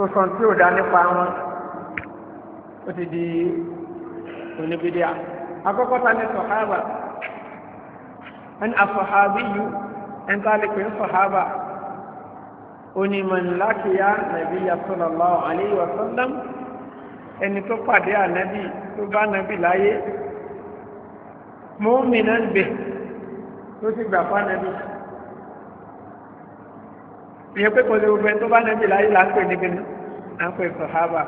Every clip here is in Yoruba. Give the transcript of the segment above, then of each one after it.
tó sọ tí ò dá nípa wọn ó ti di oníbídíà akọ́kọ́ ta ní sọ̀hábà ẹni asọ̀hábí yìí ẹni tá a lè pè ní sọ̀hábà onímọ̀n nàbí sallallahu alayhi wa sallam ẹni tó pàdé ànábì tó bá nàbì láyé mu'minan bih tó ti gbà fún ànábì ìyẹn pé kò sí gbogbo ẹni tó bá nẹ́bí láyé là ń pè ní kíni à ń pè sọ̀hábà.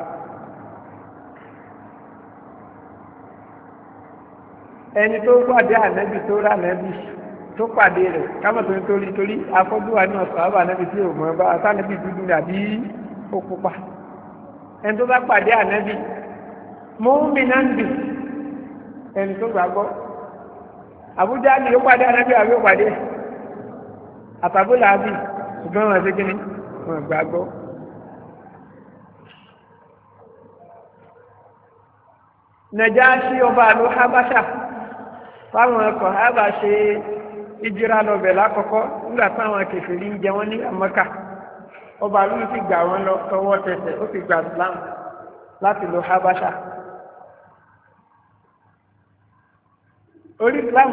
ẹni tó pàdé ànẹ́bí tó rà nẹ́bí tó pàdé rẹ̀ kámọ̀ tó ń torí torí afọ́jú wa ní ọ̀sán àbà ànẹ́bí tí ò mọ̀ ẹ́ bá sánẹ́bí dúdú àbí ó pupa ẹni tó bá pàdé ànẹ́bí mọ́mìnàndì ẹni tó gbàgbọ́ àbújá ni ó pàdé ànẹ́bí àbí ó pàdé àtàbólà àbí. ṣùgbọ́n wọn ṣe kí ni wọn gbàgbọ́. Nàjáṣì ọba àlọ́ Habasha fáwọn ọkọ̀ Haba ṣe ìjìra lọ́bẹ̀ lákọ̀ọ́kọ́ nígbà táwọn kẹfìrí ń jẹ wọ́n ní amaka ọba àlọ́ ti gbà wọn lọ tọwọ́ tẹsẹ̀ ó ti gbà Islam láti lọ Habasha. orí Islam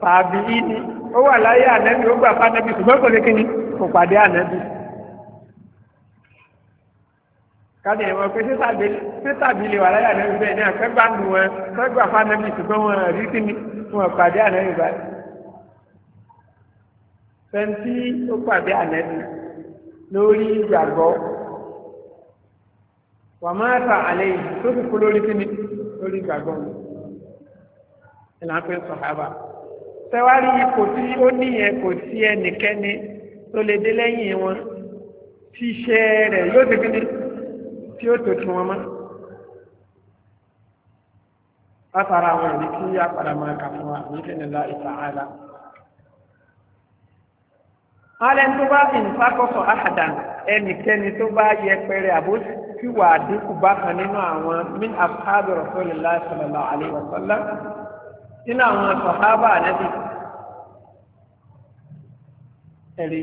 tàbí ìní ó wà láyé ànẹ́bí ó gbà fánẹ́bí ṣùgbọ́n kò lè kí ni kò pàdé ànẹ́bí. káde ìwọ̀n pé sítàbí lè wà láyé ànẹ́bí bẹ́ẹ̀ ni àkẹ́gbà nù wọn sẹ́gbà fánẹ́bí ṣùgbọ́n wọn rí kí ni wọn pàdé ànẹ́bí báyìí. fẹ́ntì ó pàdé ànẹ́bí lórí ìgbàgbọ́ wàmáta àlẹ́ yìí tó fi kú lórí kí ni lórí ìgbàgbọ́ mi ìlànà pé sọ̀hábà tẹwárí ipò tí ó níyẹn kò sí ẹnikẹ́ni tó lè dé lẹ́yìn wọn tí iṣẹ́ rẹ̀ yóò ti gbé tí ó tó tún wọn mọ́ látara àwọn ìdí tí a padà máa kà fún wa ní ìdílé ìtàhálà alẹ́ tó bá ìnfàkọ́sọ̀ àhàdàn ẹnikẹ́ni tó bá yẹpẹrẹ àbójú tí wàá dínkù bákan nínú àwọn min ashabi rasulillahi sallallahu alaihi wasallam nínú àwọn sọ̀hábà ànábì ẹ̀rí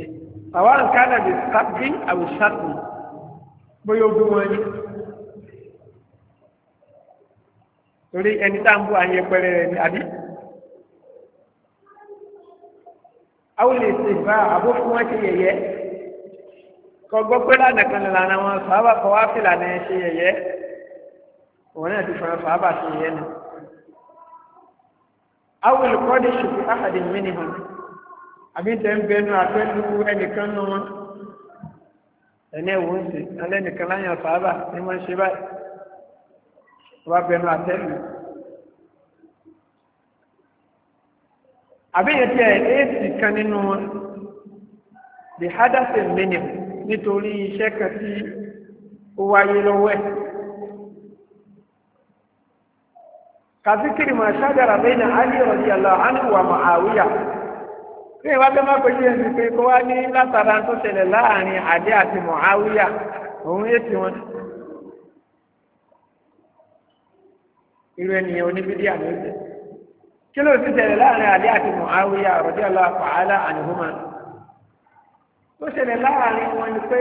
àwọn nǹkan ànábì sábì àwùsàtù bóyá ogún wọn ni torí ẹni tá à ń bú àyè pẹrẹ rẹ ni àbí àwọn lè ṣe bá àbó fún wọn ṣe yẹ̀yẹ́ kọ gbọ́ pé lánàá kan lànà wọn sọ̀hábà kọ wá fìlànà ẹ ṣe yẹ̀yẹ́ òun náà ti fọ̀rọ̀ sọ̀hábà ṣe yẹ̀yẹ́ náà awil kọ́dí ṣùkú áhàdì mìíràn àbí tẹ̀ ń bẹnu àtẹ́lu ẹnìkan nù wọn ẹni ẹ̀wọ̀n sí alẹ́ nìkan láyàn sábà ni wọ́n ṣe báyìí wọ́n bẹnu àtẹ́lu. àbí yẹn tiẹ̀ éèsì kan nínú wọn lè hádàsẹ̀ mìíràn nítorí iṣẹ́ kan tí ó wáyé lọ́wọ́ ẹ̀. kàzíkìrì mà ṣájára bẹ́ẹ̀ ní anhu wa Muawiya tí ìwà tó má pèsè ẹni pé kó wá Muawiya òun yé tiwọn. irú ènìyàn oníbídí àmì ọ̀sẹ̀ kí ló sì ṣẹlẹ̀ láàrin Muawiya radiyallahu ta'ala anhuma tó ni pé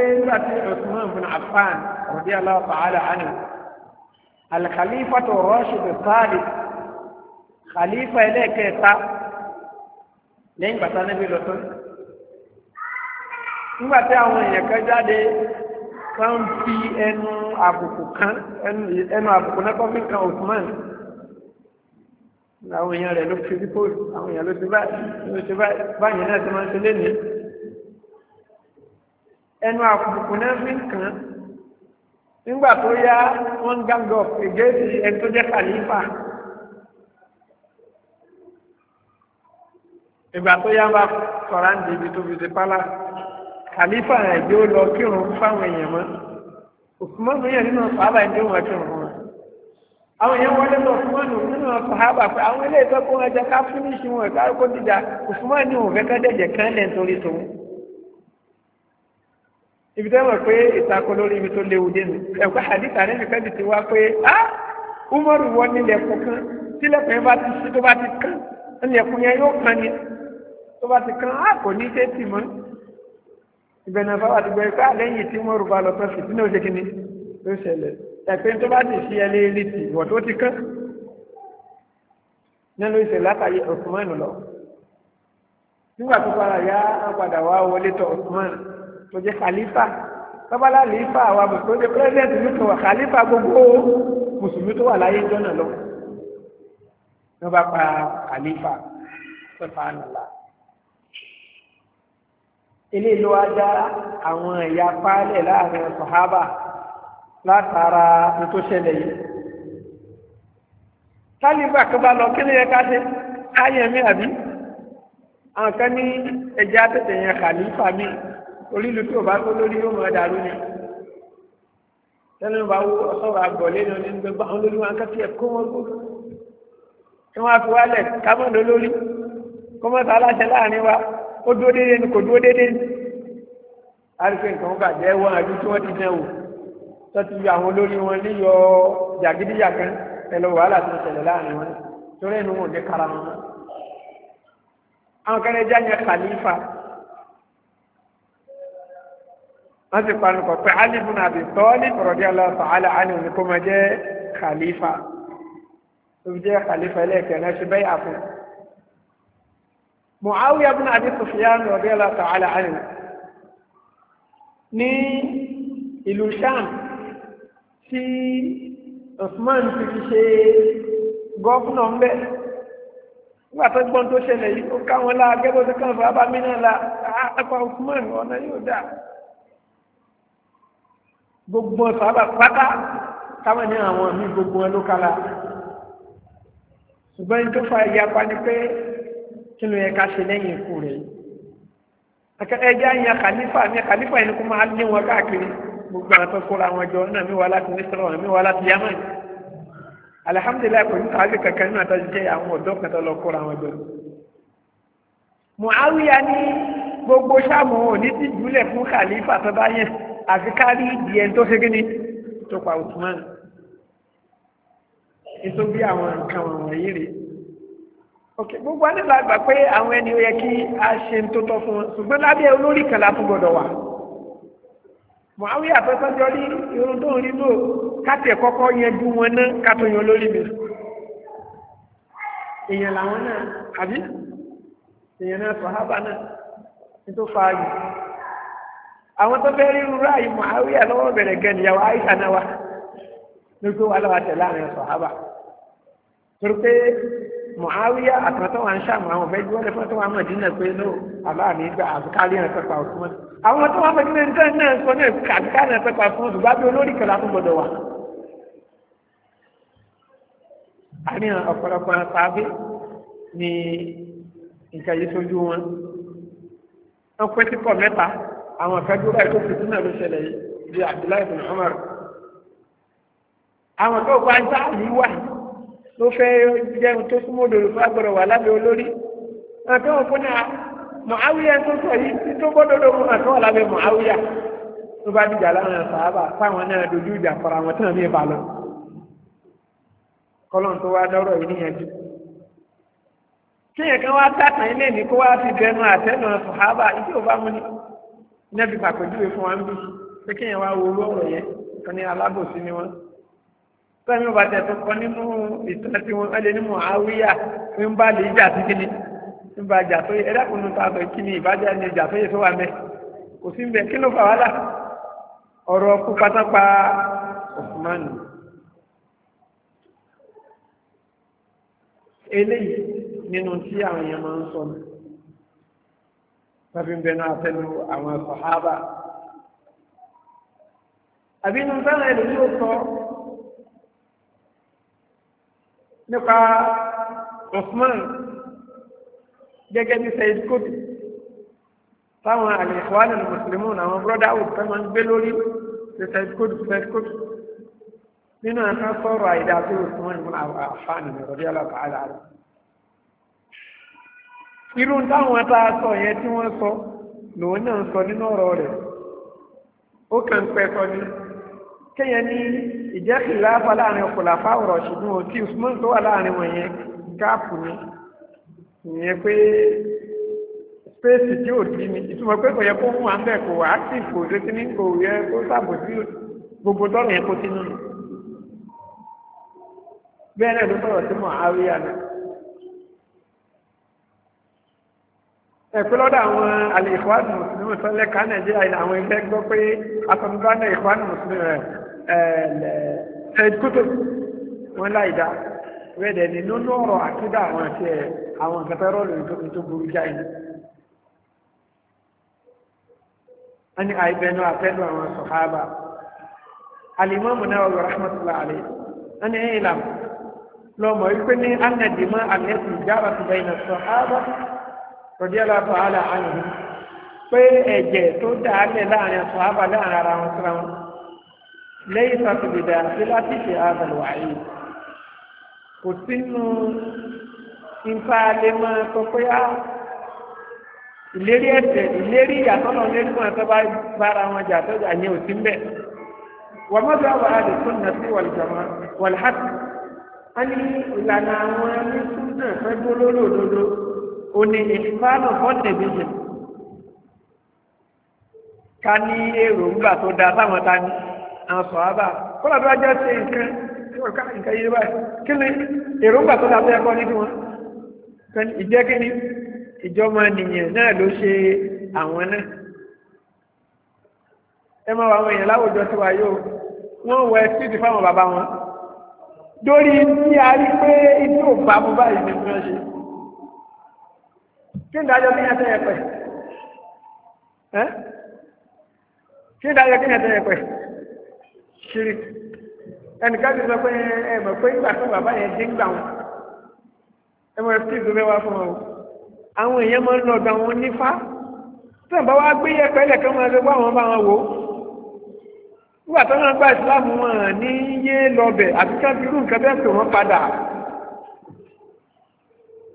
Usman bin Affan radiyallahu ta'ala anhu. alikalifatu rashid thalith khalifa ẹlẹ́kẹta lẹ́yìn bàtà níbi lọ́tọ́ nígbà tí àwọn èèyàn kan jáde wọ́n fi ẹnu àbùkù kan ẹnu àbùkù náà kọ́ fi kan Usman àwọn èèyàn rẹ̀ ló fi bípòlù àwọn èèyàn ló ti báyìí báyìí náà ti máa ń ṣe lénìí ẹnu àbùkù náà fi kan nígbà tó yá wọ́n gángọ̀ ìgbésí ẹni tó jẹ́ kàlífà ìgbà tó yá bá sọ̀rọ̀ àǹdí ibi tó fi ṣe pálá kàlífà ẹ̀jẹ̀ ó lọ kírun fáwọn èèyàn mọ́ òkùnmọ́ mi yàn nínú sàhábà ẹni tó wọ́n kírun fún wọn. àwọn èèyàn wọlé lọ fún wọn nínú sàhábà pé àwọn ilé ìtọ́kùn ẹja ká fún wọn ká kó dìjà òkùnmọ́ ni òun fẹ́ ká dẹ̀jẹ̀ kan lẹ̀ nítorí tòun ibi tẹ́ mọ̀ pé ìtakò lórí ibi tó léwu dé mi ẹ̀kọ́ àdìsá níbi fẹ́ẹ́ ti wá pé á Umaru wọ nílẹ̀kùn kan tílẹ̀kùn yẹn bá ti ṣí tó bá ti kán nílẹ̀kùn yẹn yóò kán ni tó bá ti kán á kò ní ṣe tì mọ́ ìbẹ̀nà bá wà ti gbọ́ ipá lẹ́yìn tí Umaru bá lọ tán fìdí náà ó ṣe kí ni ló ṣẹlẹ̀ ẹ̀pẹ́ tó bá ti ṣí ẹlẹ́ rí ti ìwọ̀ tó ti kán nínú ìṣẹ̀lẹ̀ látàyè Osman nígbà tó fara yá á padà wá wọlé tọ Osman tó jẹ́ khalifa tọ́bálá khalifa wa mùsùlùmí jẹ́ pírẹ́sidẹ̀ntì ní kò wà khalifa gbogbo mùsùlùmí tó wà láyé jọ́nà lọ ní wọ́n bá pa khalifa sọ́fà nàlá ilé ìlú wa dá àwọn ẹ̀yà pálẹ̀ láàrin sọ̀hábà látara tó ṣẹlẹ̀ yìí tálíbà kan lọ kí ni yẹ ká ṣe káyẹ̀mí àbí àwọn kan ní ẹ̀jẹ̀ àtẹ̀tẹ̀ yẹn khalifa míì orílù tí o bá tó lórí yóò máa dàrú ni tẹ́lẹ̀ bá wú ọ̀sọ́rọ̀ àgbọ̀ lẹ́nu ní gbogbo àwọn olórí wọn kẹ́kẹ́ kó wọn kó kí wọ́n á fi wálẹ̀ kámọ́dé lórí kó mọ́ sá aláṣẹ láàrin wa ó dúró déédéé ni kò dúró déédéé ni àrífẹ́ nǹkan bàjẹ́ wọn àbí tí wọ́n ti dẹ̀ wò tó ti yọ àwọn olórí wọn níyọ jàgídíjàgan ẹ̀lọ wàhálà tó ṣẹlẹ̀ láàrin wọn torí ẹnu wọn ò ní kára wọn. àwọn kẹrẹ jáde kàlífà wọ́n ti panu kọ̀ pé Ali ibn Abi Talib radiyallahu ta'ala anhu ni kó máa jẹ́ khalifa tó jẹ́ khalifa ẹlẹ́ẹ̀kẹ́ náà ṣe bẹ́ẹ̀ àfún. Muawiya ibn Abi Sufyan radiyallahu ta'ala anhu ní ìlú Sham tí Usman ti fi ṣe gọ́fúnà ń bẹ̀ nígbà tó gbọ́n tó ṣẹlẹ̀ yìí ó káwọn lá gẹ́gbẹ́ tó kàn fún abámi náà la ah, àpá Usman ọ̀nà yóò dáa gbogbo sábà pátá táwọn ní àwọn míì gbogbo ẹ ló kala ṣùgbọ́n ní tó fa ìyapa ni pé kí ló yẹ ká ṣe lẹ́yìn ikú rẹ̀ ẹjẹ́ àyàn kàlífà ní kàlífà yìí ni kó máa lé wọn káàkiri gbogbo àwọn tó kóra wọn jọ náà mi wà láti mísírọ̀ náà mi wà láti yamani alihamudulilayi kò ní sàájú kankan nínú àtàjù jẹ́ àwọn ọ̀dọ́ kan lọ kóra wọn jọ. Muawiya ní gbogbo sáàmù òní ti jùlẹ̀ fún kàlífà tó bá yẹn àfi kárí ìdí ẹni tó ṣe ni tó pa Usman ètò bí àwọn nǹkan wọ̀nyí rèé ok gbogbo ẹni la gbà pé àwọn ẹni yẹ kí a ṣe ń tótọ́ fún wọn ṣùgbọ́n lábẹ́ olórí kan láti gbọ́dọ̀ wà mọ̀áwí àfẹ́sọ́jọ́ rí irun tó ń rí lò káti ẹ̀ kọ́kọ́ yanjú wọn náà kátó yan lórí mi èèyàn làwọn náà àbí èèyàn náà sọ̀hábà náà ní tó fa àgbẹ̀ àwọn tó fẹ́ rí rúra yìí Muawiya lọ́wọ́ bẹ̀rẹ̀ gẹ̀ níyàwó Aisha náà wa nígbà wà lọ́wọ́ àtẹ̀lé àwọn sàhábà torí pé Muawiya àtàwọn wa ń ṣàmù àwọn ọ̀fẹ́ ìdíwọ́lé fún tó wà Mọ̀dínà pé ní àbáàmì gbà àbíkálí ẹ̀ pẹ́pà fún àwọn tó wà Mọ̀dínà ní tẹ́lẹ̀ náà sọ ní àbíkálí ẹ̀ pẹ́pà fún ṣùgbọ́n bí olórí kẹlẹ́ àtúgbọ̀dọ̀ wà. àníyàn ọ̀pọ̀lọpọ̀ àpáàbí ni nǹkan yìí sójú wọn wọ́n pẹ́ sí pọ̀ mẹ́ta àwọn àkájú láì tó fi túnà ló ṣẹlẹ̀ yìí bí Abdullahi bin Umar àwọn tó bá ń sáàlì wà ló fẹ́ jẹun tó súnmọ́ òdòdó fún agbọ̀rọ̀ wà lábẹ́ olórí àti wọn fún náà Muawiya tó sọ yìí tí tó bọ́ dodo fún àti wọn lábẹ́ Muawiya tó bá dìjà láwọn sàábà táwọn náà dojú ìjà fara wọn tán ní ìbàlọ́ kọ́lọ́n tó wá dọ́rọ̀ yìí níyànjú kéèyàn kan wá tàkàn ilé ní kó wá fi bẹnu àtẹnu sàábà ìdí ò mú ni iná fi pàpèjúwe fún wa ń bí pé kéèyàn wá wo owó ọ̀rọ̀ yẹn kan ní alábòsí ni wọ́n sọ́yìn ọba tẹ̀ tó kọ́ nínú ìtàn tí wọ́n lé ní Muawiya ń bá lè jà sí kíni ń bá jà tó yẹ ẹ̀dàkùnrin ta sọ kíni ìbájá ni ìjà tó yẹ tó wà mẹ́ kò sí mbẹ kí ló fà wá là ọ̀rọ̀ kú pátápá Osman eléyìí nínú tí àwọn èèyàn máa ń sọ tọ́fí ń bẹ náà tẹ́lu àwọn sàhábà. àbínú sára ẹ̀lú yóò sọ nípa Usman gẹ́gẹ́ bí Sayyid Qutb táwọn àlèkọ́wálẹ̀ mùsùlùmí àwọn bọ́dá òkúta máa ń gbé lórí ṣe Sayyid Qutb Sayyid Qutb nínú àkàkọ́ ọ̀rọ̀ àìdá tó Usman ìmúlẹ̀ àfáàní rọ̀bí alábàálà rẹ̀ irú táwọn tá a sọ yẹn tí wọ́n sọ lòun náà ń sọ nínú ọ̀rọ̀ rẹ̀ ó kàn pẹ́ sọ ni kéèyàn ní ìjẹ́ kìláàfà láàrin ọ̀pọ̀lọpọ̀ àwòrán ṣùgbọ́n òtí Usman tó wà láàrin wọn yẹn gáàpù ni ìyẹn pé spéèsì tí ò dín ní ìtumọ̀ pé kò yẹ kó fún wa ń bẹ̀ kó wà á sì kò tó ti ní kò yẹ kó sàbòsí gbogbo tọ́lù yẹn kó ti bẹ́ẹ̀ náà ló sọ̀rọ̀ sí mọ̀ àríyá náà. ẹ̀pẹ́ lọ́dọ̀ àwọn àlẹ́ ìkwánu mùsùlùmí sọ́lẹ̀ ká nàìjíríà ní àwọn ilé gbọ́ pé asọ̀nùgbọ́nà ìkwánu mùsùlùmí ẹ̀ẹ́d kútó wọn láì dá wẹ́ẹ̀dẹ̀ ní nínú ọ̀rọ̀ àkídà àwọn àti àwọn ìkẹtẹ́ rọ́ọ̀lù tó burú jáì ní. àìbẹ̀nu àfẹ́nu àwọn sọ̀hábà alimọ́mù náà wọ rahmatulah alẹ́ rọ̀díọ́lá fàálà àyìn pé ẹ̀jẹ̀ tó dáálẹ̀ láàrin ọ̀sán àbá láàrin ara wọn síra wọn lẹ́yìn sàtòbìdà sí láti ṣe àbẹ̀lò àyè kò sínú nípa lè máa sọ pé á ìlérí ẹ̀ṣẹ̀ ìlérí ìyàtọ̀ náà lérí fún ẹ̀ṣẹ̀ bá bára wọn jà tó jà yẹn ò sí mbẹ̀ wọ́n mọ́tò àwọn àdìsún náà sí wàlùjọ́mọ́ wàlùhàtì wọ́n ní ìlànà àwọn ẹni tún náà fẹ́ gbólólódodo òní ìfipáàlù fọ́ndẹ̀bíṣẹ̀ ká ní èròǹgbà tó dáa táwọn ta ní àǹsọ̀ àbá kọ́lá tó bá jẹ́ ṣe nǹkan ọ̀ká nǹkan yìí báyìí kí ni èròǹgbà tó dáa tó yẹ kọ́ nínú wọn ìjẹ́ kí ni ìjọba nìyẹn náà ló ṣe àwọn náà ẹ máa wà àwọn èèyàn láwùjọ tiwa yóò wọ́n wọ ẹsíìtì fáwọn bàbá wọn lórí tí a rí pé ibi ò bá mú báyìí ni wọ́n ṣe kí ń dájọ́ kí ń ẹsẹ̀ yẹpẹ̀ ẹ́ kí ń dájọ́ kí ń ẹsẹ̀ yẹpẹ̀ ṣírí ẹnìkan ti sọ pé ẹ mọ̀ pé ìgbà tó bàbá yẹn dín gbà wọn ẹ mọ̀ ẹ̀fí ìdúró wá fún wọn àwọn èèyàn máa ń lọ gba wọn nífá tí wọn bá wá gbé yẹpẹ̀ lẹ́kàn máa lọ bá wọn bá wọn wò ó nígbà tó náà gba ìsìlámù wọn ní yé lọ bẹ̀ àbíkẹ́ bí irú nǹkan bẹ́ẹ̀ tó wọn padà.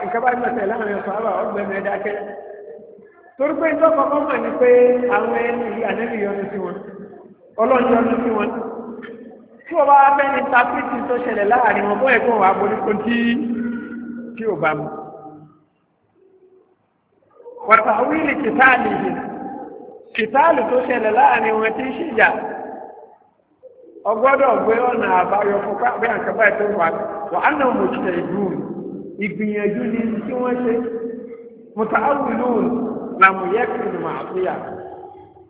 nǹkan bá ń lọ́sẹ̀ láàrin ọ̀sán àbá ọgbẹ́ni ẹ̀dákẹ́ torí pé ìjọ kọ̀ọ̀kan mọ̀ ní pé àwọn ẹni yìí ànẹ́bí yọnu sí wọn ọlọ́run yọnu sí wọn tí wọ́n bá wá bẹ́ni tapiti tó ṣẹlẹ̀ láàrin wọn wà tí tí bá wàtà wíìlì yìí tó ṣẹlẹ̀ láàrin wọn ti ń ọgbọ́dọ̀ gbé ọ̀nà àbáyọ fún ìgbìyànjú ni tí wọ́n ṣe mùtàáwìlùn làmùyẹ́kùn màáfíà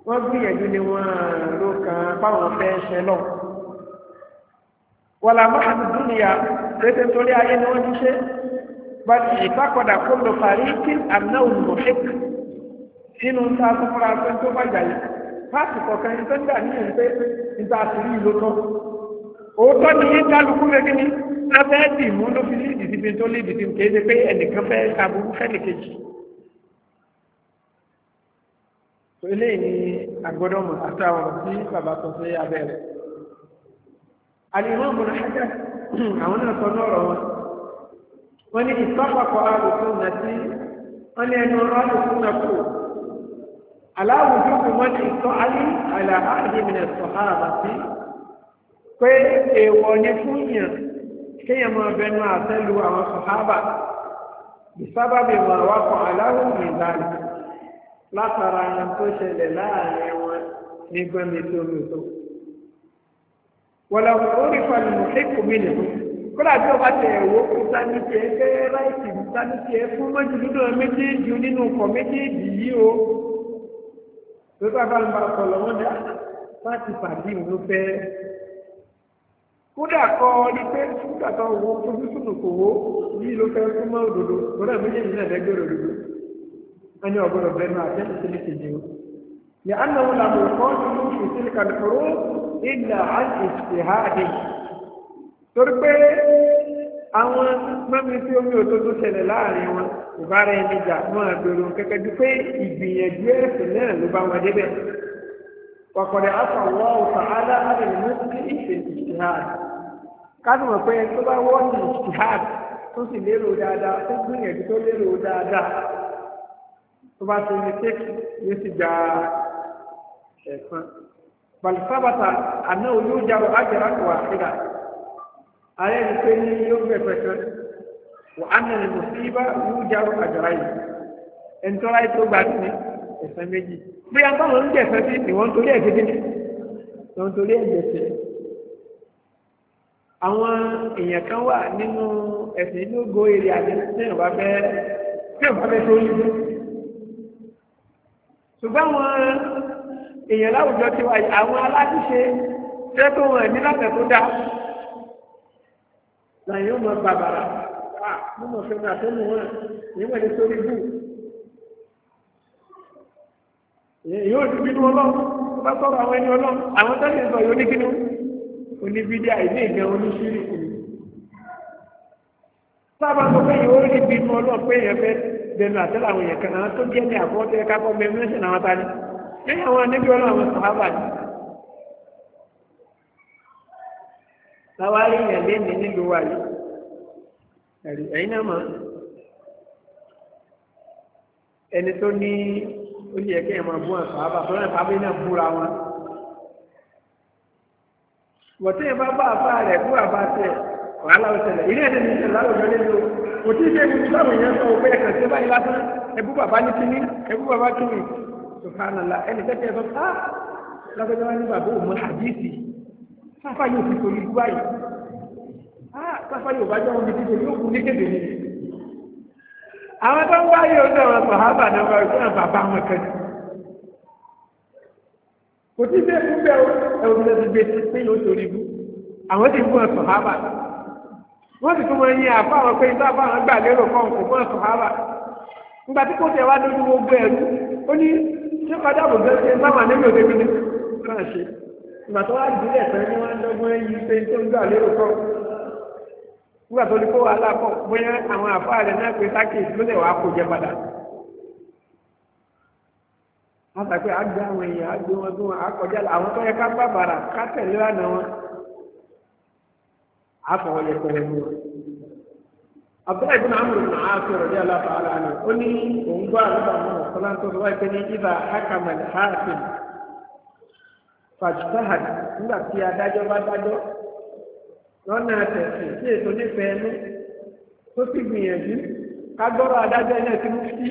wọ́n gbìyànjú ni wọ́n ló kàn báwọn fẹ́ ṣe lọ. wàlà máàlù dúnìyà pété torí ayé ni wọ́n ti ṣe bàtì ìfakọ̀dà kó lọ parí kí àmúnáwó mọ̀ṣẹ́k nínú ta tó fara pé tó bàjá yìí fásitì kọ̀ọ̀kan ìfẹ́ ń gbà níyẹn pé níta àtúrí ìlú tán òótọ́ ni yín kálukú fẹ́kí ni lábẹ́ dì mú ló fi lídìí síbi tó lídìí síbi kéde pé ẹnìkan fẹ́ aburú fẹ́nìkejì. eléyìí ni agbọ́dọ̀mọ̀ àtàwọn tí bàbá sọ sí abẹ́rẹ́. àlìmọ́ ọ̀bùnà ṣẹ́kẹ́ àwọn náà sọ náà rọ̀ wọn. wọ́n ní ìtọ́pàpọ̀ àlùkù nàti wọ́n ní ẹnu àlùkù nàkù. aláwùjọ kò wọ́n ní ìtọ́ pé èèwọ̀ ni fún yàn kéèyàn máa bẹnu àtẹ́lu àwọn sàhábà ìsábàbí wọn àwakọ̀ aláwọ̀ ìlànà látara ẹran tó ṣẹlẹ̀ láàrin wọn ní gbọ́nmi tó mi tó. wọ́lá orí fanimọ̀ kéèkó mi nìkan kódà bí ọba tẹ̀ ẹ̀wọ́ kó sani tiẹ̀ fẹ́ láìsí sani tiẹ̀ fún mọ́júlú náà méjèèjì nínú ọkọ̀ méjèèjì yìí o. pé bàbá ń bá ọkọ̀ lọ́wọ́ dá ah, láti pàdé ìlú fẹ́ẹ́. kódà kọ́ ní pé kódà kọ́ wo fojú sùnù kò wó yìí ló fẹ́ fún mọ́ òdòdó kódà méjèèjì náà lẹ́gbẹ̀rẹ̀ òdòdó ẹni ọ̀gbọ́dọ̀ bẹ́ẹ̀ náà àtẹ́sí sí kejì o. ní anáwó làbò kọ́ nínú kàdùkúrú ìlà torí pé àwọn mẹ́mi tí omi òtótó ṣẹlẹ̀ láàrin wọn ìbára ẹni jà wọn àgbèrò ju pé ìgbìyànjú ẹ̀sìn náà ló bá wọn débẹ̀. وقد عفى الله تعالى عن المسلم في الاجتهاد كانوا ما بين كبا هو الاجتهاد tó sì lérò dáadáa tó gbìyànjú tó lérò dáadáa tó bá ti ní tẹ́kì yóò sì gba ẹ̀sán balùsábàtà àná olú jáwọ́ ájàrá kò wá síra ààrẹ ní pé ní yóò gbẹ̀fẹ̀ kan wà á nà ní mùsíbà yóò jáwọ́ àjàrá yìí ẹ̀ńtọ́ra yìí tó gbà sí ni ẹ̀sán méjì bóyá báwọn ń jẹ̀sán sí ni wọ́n ń torí ẹ̀jẹ̀ kékeré wọ́n ń torí ẹ̀jẹ̀ sí. àwọn èèyàn kan wà nínú ẹ̀sìn inú go eré àti téèyàn bá fẹ́ téèyàn bá fẹ́ tó ń lé. ṣùgbọ́n àwọn èèyàn láwùjọ ti wáyé àwọn aláṣìṣe fẹ́ tó wọn ní láti yóò di bínú ọlọ́run tó bá sọ̀rọ̀ àwọn ẹni ọlọ́run àwọn tó lè sọ yóò ní kínú oníbídí àìní ìgbẹ́ oníṣírí kù. sábà sọ pé yóò rí bínú ọlọ́run pé èèyàn fẹ́ dẹnu àtẹ́lẹ̀ àwọn èèyàn kan àwọn tó jẹ́ ní àkọ́tẹ́ kákọ́ mẹ́mẹ́sìn àwọn tani lẹ́yìn àwọn anábì ọlọ́run àwọn sàhábà ni. láwárí èèyàn lémi nílùú wa yìí ẹ̀yìn náà mọ̀ ẹni tó ní ó yẹ kí ẹ máa bú ẹ̀fà bá fún ẹ̀fà bí náà búra wọn. wọ́tí ẹ bá bá àfa rẹ̀ bú àbá tẹ̀ wàhálà ó ṣẹlẹ̀ ilé ẹ̀dẹ̀ ní ìṣẹ̀lẹ̀ àwùjọ lé lò kò tí ì ṣe ibi táwọn èèyàn sọ pé ẹ̀kàn ṣe báyìí lásán ẹbú bàbá ní kíní ẹbú bàbá kíní subhanallah ẹnì kẹ́kẹ́ ẹ sọ pé ah lágbẹ́jọ́ wá ní bàbá òun mọ àdìsí sáfà yóò fi torí báyìí ah sáfà yóò bá jọ wọn bí ti torí ó kú ní kébè àwọn tó ń wáyé ojú àwọn sọ̀hábà náà wọ́n fún àwọn bàbá wọn kan kò tí bẹ́ẹ̀ fún bẹ́ẹ̀ ẹ̀rù lè ti gbé pé yóò torí bú àwọn ti fún àwọn sọ̀hábà wọ́n sì tún wọn yin àfọ àwọn pé iná àfọ àwọn gbà lérò kan kò fún àwọn sọ̀hábà nígbà tí kò tẹ̀ wá lójú gbogbo ẹ̀rú ó ní ṣé padà bò bẹ́ẹ̀ ṣe sáwọn àlejò débi ní kàn ṣe ìgbà tó wá dìílẹ̀ tán ni wọ́n nígbà tó ní kó wàhálà pọ̀ bóyá àwọn àfa rẹ̀ náà pé sákèjì ló lè wàá kó jẹ padà. wọ́n sọ pé àwọn èèyàn àgbé wọn bí wọn àkọjá àwọn tó yẹ ká ká tẹ̀lé lánàá wọn àfọwọ́ yẹ pẹ̀lẹ́ mú wọn. abdullahi bin amr bin aasir radi allahu ta'ala anhu ó ní òun gbọ́ lọ́nà tẹ̀sí sí ètò nífẹ̀ẹ́ ẹnu tó sì gbìyànjú kágbọ́rọ̀ adájọ́ ilẹ̀ tí wọ́n fi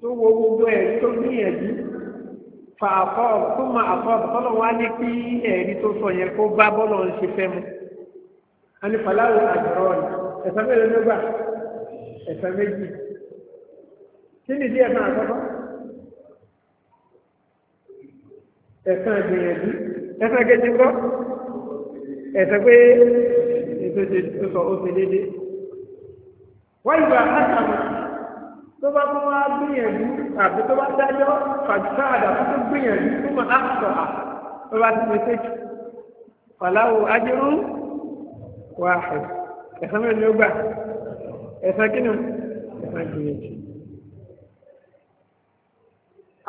tó wo gbogbo ẹ̀rí tó gbìyànjú fa àkọ́ tó máa àkọ́ bọ́lọ̀ wá ní kí ẹ̀rí tó sọ yẹn kó bá bọ́lọ̀ ń ṣe fẹ́ mu. a ní fàlàwò àjọrọ̀ ọ̀nà ẹ̀sán mélòó ló gbà ẹ̀sán méjì kí nìdí ẹ̀sán àkọ́kọ́ ẹ̀sán ìgbìyànjú ẹ̀sán kejì ńkọ́ ẹ̀sẹ̀ pé ètò ìṣètò sọ ó ṣe déédéé wọ́n ìgbà àtàwọn tó bá tó wá gbìyànjú àbí tó bá dájọ́ fàjúkà àdàbọ̀ tó gbìyànjú tó mọ̀ àtọ̀ à tó bá ti ṣe fàlàwò ajérú wà ẹ̀sán mẹ́rin ló gbà ẹ̀sán kínú ẹ̀sán gbìyànjú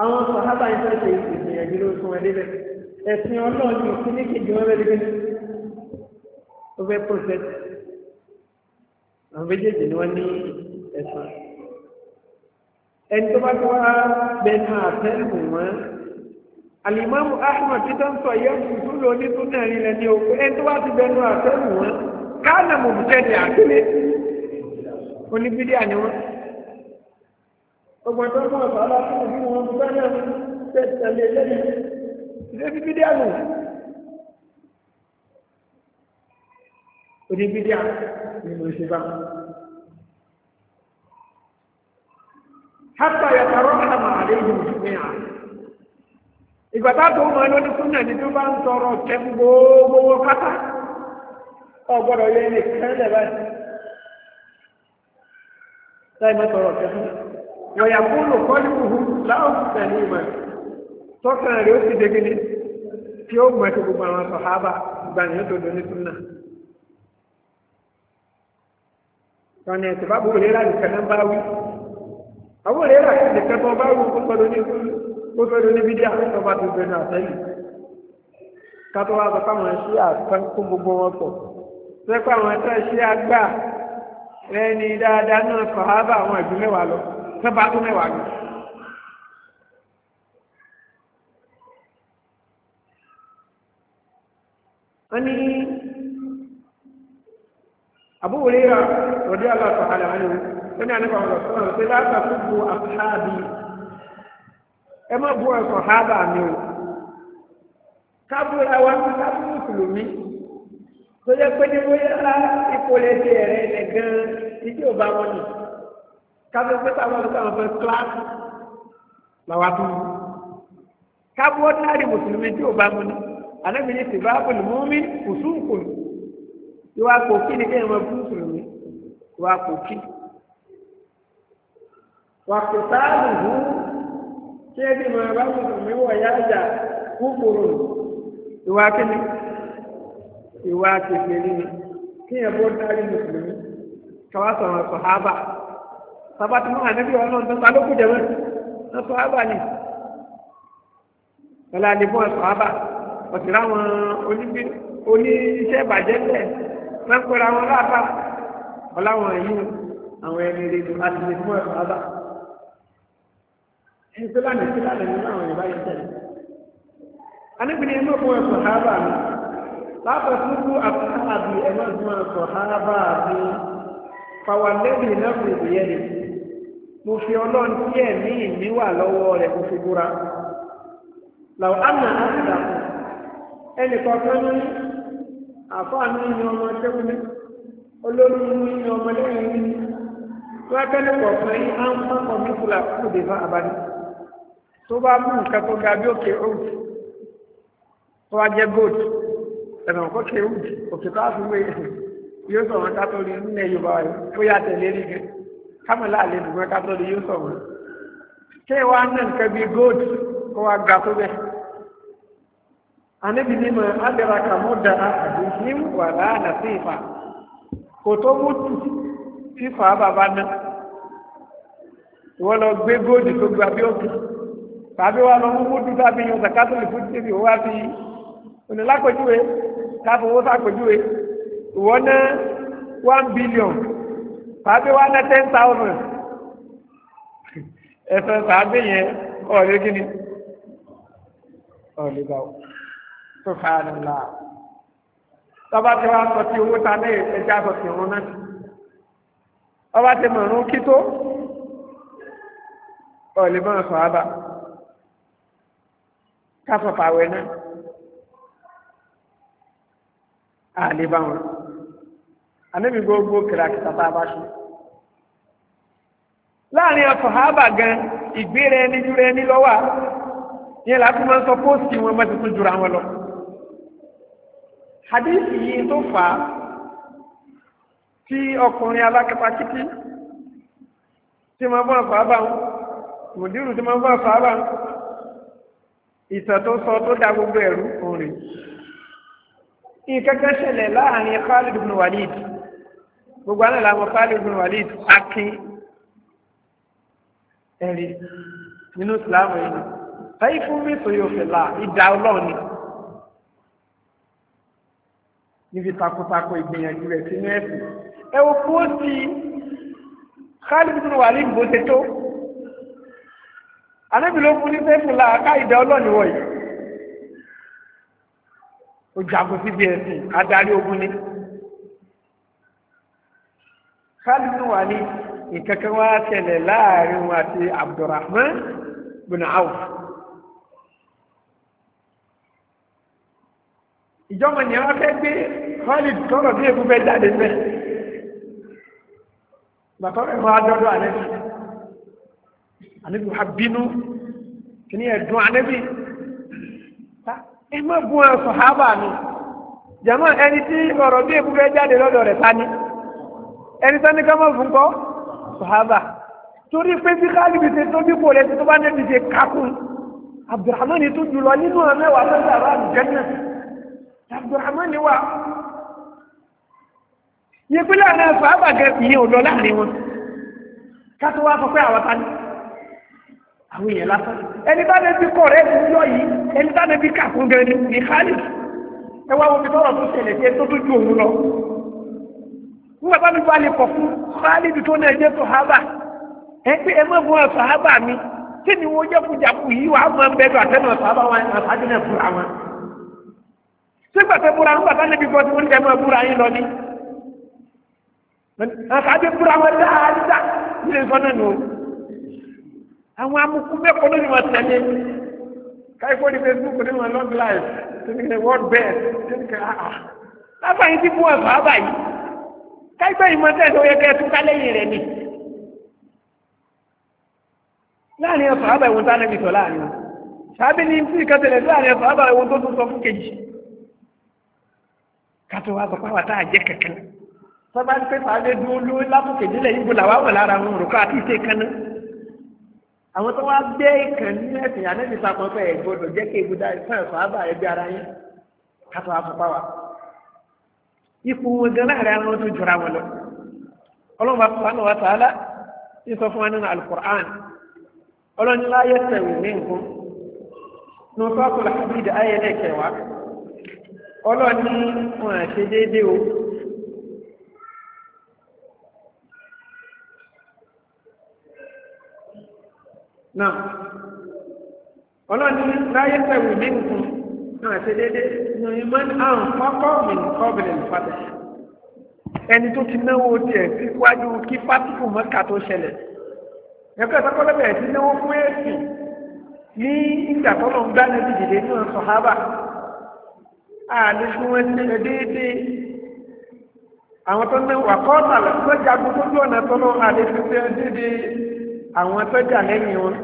àwọn sọ̀hábà ń fẹ́ ṣe ìgbìyànjú ló fún ẹ débẹ̀ ẹ̀sìn ọlọ́run ní òfin ní kejì wọn bẹ́ẹ̀ ó fẹ́ process àwọn méjèèjì ni wọ́n ní ẹ̀sán ẹni tó bá tó wá bẹnu àtẹ́lù wọn alimamu ahmed tí tó ń sọ yẹn kù tó lò ní tó náà rí lẹ́ni o ẹni tó bá ti bẹnu àtẹ́lù wọn káànà mò ń tẹ̀lé àkílẹ̀ oníbídíà ni wọn. ọgbọ̀n tó ń bọ̀ sọ́lá fún òbí wọn bẹ́ẹ̀ tẹ̀lé lẹ́yìn ìdẹ́bí bídíà nù. oníbídíà ni mo ṣe bá ìgbà tá a tó máa lóní fún tó bá ń tẹ gbogbo kátà ọgbọ́dọ̀ yẹ ilé kẹlẹ báyìí láì má tọrọ tẹ fún wọ̀yà kúlù kọ́lùkù láwọn tẹ̀lé ìmọ̀ tọ́kàn ó ti dégé ní tí ó tó ní tọ́ni ẹ̀sìn bá bòrò lérà nìkan náà bá wí àwọn lérà nìkan tó bá wù kókòrò ní kókòrò ní bídí àtúntò bá ti bẹnu àtẹ́lù kátó wá sọ fáwọn ẹṣẹ́ àtúntò kó gbogbo wọn pọ̀ sẹ́pẹ́ àwọn ẹṣẹ́ ẹṣẹ́ àgbà ẹni dáadáa náà sàhábà àwọn ìlú mẹ́wàá lọ sẹ́pẹ́ àtúntò mẹ́wàá lọ. wọ́n ní Abu Hurairah radiyallahu ta'ala anhu ó ní àníkọ̀ ọ̀rọ̀ sọ́nà pé látàkù bu àfáàbí ẹ má bu ọ̀sọ̀ hábà mi o kábúra wa kábú mùsùlùmí tó yẹ pé ní bóyá ìpolẹ̀ ti ẹ̀rẹ́ ilẹ̀ gan-an ìdí ò bá wọn nì kábú pé táwọn ọ̀sọ̀ àwọn fẹ́ kíláàsì làwọn àtúntò kábú ọ̀tá àdì mùsùlùmí tí ò bá wọn nì ànábìyí ti bá bùnú mi kùsùnkùn ìwà kò kí ni kéèyàn máa búrúkú lòmí ìwà kò kí wàkùtà lùhù tí ẹbí máa bá mùsùlùmí wọ̀ yájà kúkúrú ìwà kí ni ìwà kèfèrí ni kéèyàn bó dárí mùsùlùmí káwá sọ̀rọ̀ sọ̀hábà sabati mọ́ ànábì ọlọ́run tó balógun jẹ́ mẹ́rin náà sọ̀hábà ni ọ̀là àdìbò sọ̀hábà ọ̀sìn láwọn oníṣẹ́ ìbàjẹ́ bẹ́ẹ̀ wọ́n pẹ̀lú àwọn ọlọ́àbá ọláwọn ẹ̀yìn àwọn ẹni rẹ̀ ló láti lè fún ẹ̀rọ àbá ẹni tó bá nìkú lálẹ́ nínú àwọn ìbá yìí tẹ̀lé anábìnrin ẹni ọ̀pọ̀ ẹ̀kọ́ hábà mi láàbọ̀ fún fún àbí ẹ̀mọ́ ìgbìmọ̀ ẹ̀kọ́ hábà mi fàwọ̀lẹ́bì náà fi ìbòyẹ́ ni mo fi ọlọ́run tí ẹ̀mí mi wà lọ́wọ́ rẹ̀ mo fi búra làwọn àmà àti ẹnì àfáàní ní ọmọ akẹ́kọ̀ọ́ ní olórí ní ọmọ lẹ́yìn ní wákẹ́lẹ́ kọ̀ọ̀kan yìí á ń pápọ̀ ní kùlà kúrò dé fún abadé tó bá mú nǹkan tó ga bí òkè old tó wá jẹ́ gold ẹ̀rọ kókè old òkè tó á fi wé yóò sọ̀rọ̀ kátólì nílẹ̀ yorùbá rẹ̀ rí gẹ̀ yóò sọ̀rọ̀ kéwàá náà nǹkan bíi gold kó wá anabi ni ma adraka mudda ahadihim wa la nasifa kò tó mútu fífa bàbá náà wọ́n lọ gbé góòdù tó gba bí òkè tàbí wọ́n lọ mú mútu tàbí yan zakato lè fún tèmi wọ́n á fi onílákòjúwe káfọ owó sàkòjúwe ìwọ ná one billion tàbí wọ́n ná ten thousand ẹ̀sán tàbí yẹn ọ̀rẹ́ kí ni ọ̀rẹ́ báwo. Subhanallah tọ́ba tí wàá sọ ti owó ta ní ẹja sọ ti rún náà ọba tí mọ̀ rún kí tó ọ̀lẹ́ mọ̀ sọ ábà kásọ̀ pàwẹ́ náà àlè wọn àníbi gbogbo kìràkìtà tá a bá ṣe láàrin ọkọ̀ ábà gan ìgbéra ẹni júra ẹni lọ́wọ́ yẹn láti máa ń sọ póòsì wọn bá ti tún jura wọn lọ hadithi yìí tó fà á tí ọkùnrin alákatakítí tí máa bọ́ àfà bá ń mùdírù tí máa bọ́ àfà bá ń ìtàn tó sọ tó dá gbogbo ẹ̀rú òrìn nǹkan ṣẹlẹ̀ láàrin Khalid bin Walid gbogbo àná làwọn Khalid ibn Walid akin ẹ̀rí nínú Islam yìí báyìí fún mi sọ yóò fẹ́ la ìdá ọlọ́ọ̀ni níbi takuntakun ìgbìyànjú rẹ̀ sínú ẹ̀sìn ẹ wo pósì Khalid bin Walid bó ṣe tó anábì ló fún ní sẹ́fù la ká ìdá ọlọ́niwọ̀ yìí ó jagun síbi ẹ̀sìn adarí ogun ni Khalid bin Walid ìkankan wá ṣẹlẹ̀ láàrin wọn àti Abdurrahman bin Awf. ìjọba ni wọn fẹ́ gbé Khalid tọrọ bí èkú fẹ́ jáde fẹ́ bàtọ́ ẹ̀fọ́ adọ́dọ́ ànẹ́bí ànẹ́bí wà bínú kìíní ẹ̀dùn ànẹ́bí ẹ má bu ẹ sọ̀hábà nù jàmọ́ ẹni tí ọ̀rọ̀ bí èkú fẹ́ jáde lọ́dọ̀ rẹ̀ tani ẹni tani ká má fún kọ́ sọ̀hábà torí pé bí Khalid ṣe tó bí kò lẹ́sẹ̀ tó bá nẹ́bi ṣe kákún Abdulrahman tó jùlọ nínú ọ̀rẹ́ wà lọ́sẹ̀ àbá abdulrahman wà yẹ pé láàrin ẹ̀fọ́ àbàgẹ́ ìyẹn ò lọ láàrin wọn kátó wá sọ pé àwọn ta ni àwọn èèyàn lásán ẹni bá lè fi kọ̀ rẹ́ ti yọ yìí ẹni bá lè fi kà fún gẹ̀rẹ́ ní khalid ẹ wá omi tọrọ tó ṣẹlẹ̀ sí ẹ tó tó ju òun lọ nígbà bá mi bá lè kọ̀ fún khalid tó náà jẹ́ sọ̀hábà ẹ pé ẹ má mú ọ sọ̀hábà mi kí ni wọ́n jẹ́ kújàkú yìí wàá máa ń bẹ́ẹ̀ lọ àtẹnu ọ̀sọ̀hábà wọn àtàdínà fúnra wọn sígbà tó búra ń bàtà níbi bọ́sí wọn kẹ́mọ́ búra yín lọ ní. àkàdé búra wọn dáadáa ní lè sọ náà nù. àwọn amukú mẹ́kọ̀ọ́ ló ní wọn tẹ̀lé. káyipó ní facebook ní wọn long life tó ní kẹ́ world best tó ní kẹ́ ah. lábàá yín ti bú wọn fà á báyìí. káyipó yìí máa tẹ̀lé oyè kẹ́ẹ̀tún kálẹ́yìn rẹ̀ ni. láàrin ẹ̀fọ́ àbẹ̀wò tá a nẹ́bi sọ láàrin. sábẹ́ ni tí ìkàtẹ̀lẹ̀ láàrin ẹ̀fọ́ àbẹ̀wò tó tún sọ fún kejì kátó wá sọ pé àwọn tá a jẹ kankan sọba ń pè fàájẹ dúró lórí lápòkè nílẹ̀ yìí bó làwọn àwọn lára wọn rò kó àti ìṣe kan náà àwọn tó wá gbé ìkàn ní ẹsìn ànẹ́bí papọ̀ fẹ́ ẹ̀ gbọdọ̀ jẹ́ kí ibùdó ìfẹ́ ẹ̀fọ́ àbá ẹbí ara yín kátó wá sọ pàwà ipò wọn gan láàrin àwọn tó jọra wọn lọ ọlọ́run fún wa náà wá tààlà ń sọ fún wa nínú alukur'an ọlọ́run ní láyé ní nǹkan ní wọ́n ọlọ́ni wọn àṣe déédéé o náà ọlọ́ni láyé sẹ́wìn ní nǹkan náà àṣe déédéé ní ìmọ̀ àwọn pápá mi nǹkan ọ̀bìnrin nìfàdà ẹni tó ti náwó tiẹ̀ síwájú kí pátíkù mọ́ka tó ṣẹlẹ̀ ẹ̀kọ́ ìsọkọ́lọ́bẹ̀ẹ́ ti náwó fún èsì ní ìgbà tó lọ ń gbá ní ìdíje nínú sọ̀hábà àní fún wọn ti ṣe déédéé àwọn tó ní wàkọ́ ọ̀tàlẹ̀ tó jagun tó dúró náà tó lọ àní fún ṣe déédéé àwọn tó jà lẹ́yìn wọn.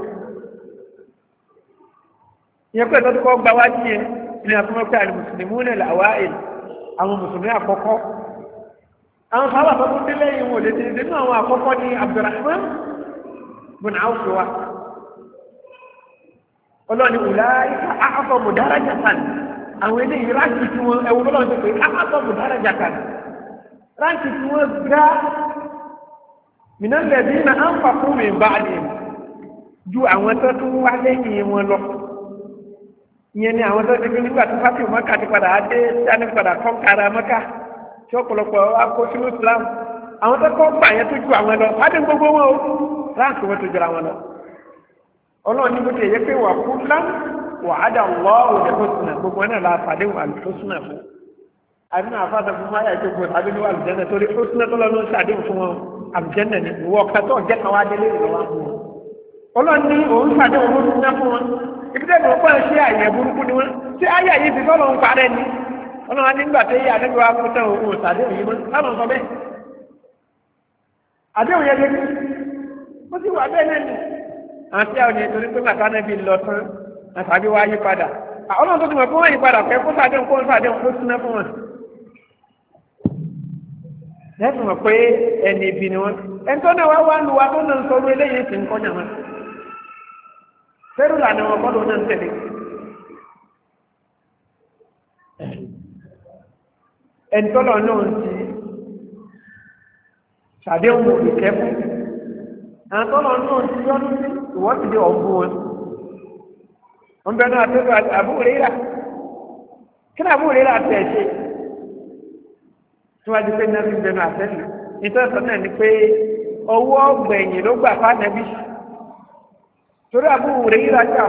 ìyẹn pé ìtọ́jú kọ́ gba wájú yẹn ní àtúmọ̀ pé àní mùsùlùmí ní làwa èl àwọn mùsùlùmí àkọ́kọ́. àwọn sábà tó tún délé yìí wọlé nínú àwọn àkọ́kọ́ ní Abdurrahman bin Awf ọlọ́ni wùlá ìka àkọ́kọ́ mùdára jàpáni. àwọn eléyìí ráǹkì tí wọn ẹwọ lọ́wọ́ ti pè ápátọ́ bù dára jàkà ráǹkì tí wọn gá mìíràn lẹ́bí iná á ń fún mi bá a lè ju àwọn tó tún wá lọ ìyẹn ni àwọn tó ti fi nígbà tó fásitì ti padà á dé sani padà kọ́ kára mọ́kà tí ọ̀pọ̀lọpọ̀ Islam àwọn tó kọ́ gbà yẹn tó ju gbogbo wọn o wọn tó lọ bó ti yẹ pé wàhádà lọ́wọ́ ní hosùnà gbogbo náà la pàdé wà ní hosùnà fún àbí náà fàtà fún máyà tó gbogbo àbí ní wà àlùjẹ́nà torí hosùnà tó lọ́nà ṣàdé fún wọn àlùjẹ́nà ni ìwọ kẹtọ́ ọ̀jẹ́ kan wá délé ìlọ́wọ́ fún wọn. ọlọ́ni òun ṣàdé hosùnà fún wọn ibi tẹ́lẹ̀ wọ́n pọ́n ṣe àyẹ̀ burúkú ni wọ́n ṣé ayé àyè ti fọ́lọ́ ń parẹ́ ni ọlọ́run nígbà àtàbí wá yí padà ọlọ́run tó ti mọ̀ pé wọ́n yí padà pé kó sàdéhùn kó sàdéhùn kó síná fún wọn. lẹ́sìn mọ̀ pé ẹni ibi ni wọ́n ẹni tó náà wá wá lu wa tó náà ń sọ orí eléyìí sì ń kọjá wọn. fẹ́rù lànà wọn gbọ́dọ̀ náà ń tẹ̀lé. ẹni tó náà náà ń ti sàdéhùn òkè fún àwọn tó náà náà ń ti yọ́nú sí ìwọ́sídẹ̀ẹ́ ọ̀gbọ́n ń bẹ náà tó tó àbúrò rẹ rà kí ni àbúrò rẹ rà tẹ̀ ṣe tí wọ́n ti pé náà fi bẹ náà sẹ́nu ìtọ́sọ náà ni pé ọwọ́ gbẹ̀yìn ló gbà fánàbí torí àbúrò rẹ rà jà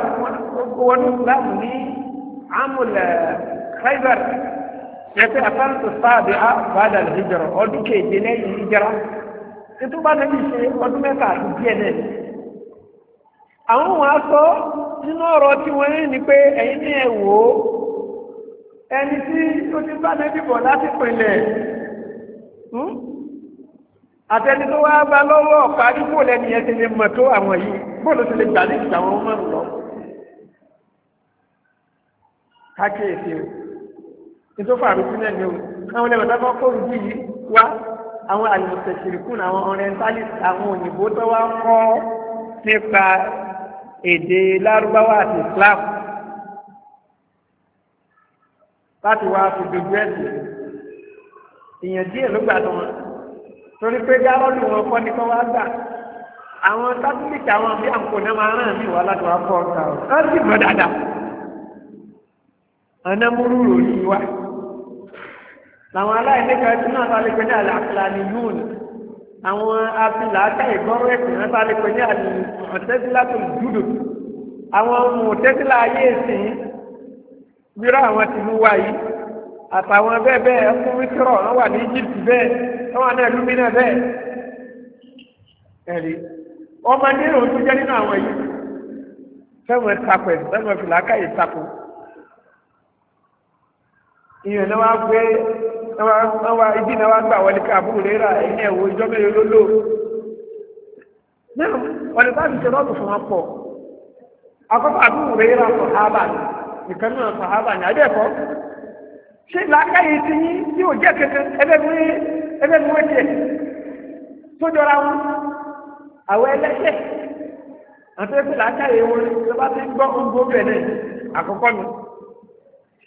wọn láàmú ní àmúlẹ̀ Khaybar yẹtẹ afáǹtò sáàbì á bàdà lè ọdún kéde lẹ́yìn ìjọra títúbà náà ti ṣe ọdún mẹ́ta àti díẹ̀ náà àwọn wọn á sọ nínú ọ̀rọ̀ tí wọ́n rí ni pé ẹ̀yin ní ẹ̀ wò ó ẹni tí ó ti bá nẹ́bí bọ̀ láti pìnlẹ̀ hmm? àtẹni tó wá bá lọ́wọ́ parí bò lẹ́nìyẹn ti lè mọ̀ tó àwọn yìí bó ló ti lè gbà nígbà àwọn ọmọ rẹ̀ lọ. kákìyèsí o nítorí fàrú sílẹ̀ ni o àwọn ẹlẹ́wọ̀n tábọ́ kóòrù bí yìí wá àwọn àlùmọ̀tẹ̀sìrìkún àwọn orientalist àwọn òyìnbó tó wá kọ́ nípa èdè lárúbáwá àti Islam láti wá fi dojú ẹ̀sìn ìyẹn díẹ̀ ló gbà wọn torí pé gárọ́ọ̀lù wọn kọ́ ni kọ́ wá gbà àwọn kátólíkì àwọn bí lati náà máa ràn mí wá láti wá káàdì dáadáa ròyìn làwọn aláìníkà náà ní ni yóò àwọn afilàákà ìgbọ́rọ̀ ẹ̀sìn náà bá lè pè ní àlè ọ̀tẹ́sílá tó dúdò àwọn ọmọ ọ̀tẹ́sílá ayé ìsìn bírọ̀ àwọn tìlú wa yìí àtàwọn bẹ́ẹ̀ bẹ́ẹ̀ ẹkún mísírọ̀ wọn wà ní Egypt bẹ́ẹ̀ wọn wà ní ẹlúmínà bẹ́ẹ̀ ẹ̀rí ọmọ ní ìròyìn tó jẹ́ nínú àwọn yìí fẹ́mọ̀ takò ẹ̀sìn fẹ́mọ̀ fìlà káyè takò ìyẹn náà wá gbé ẹwà ìdí náà wá gbà wọlé káàbù rẹ rà ẹni ìjọ mẹ́rin ló lò ọ̀nà táàbì ṣe lọ́dún fún wọn pọ̀ akọ́kọ́ àbúrò rẹ rà sàhábà nìkan náà sàhábà ní adẹ́kọ́ ṣé làákàyè ti yín tí ò jẹ́ kankan tó jọra wọn àwọn ẹlẹ́sẹ̀ àti ti gbọ́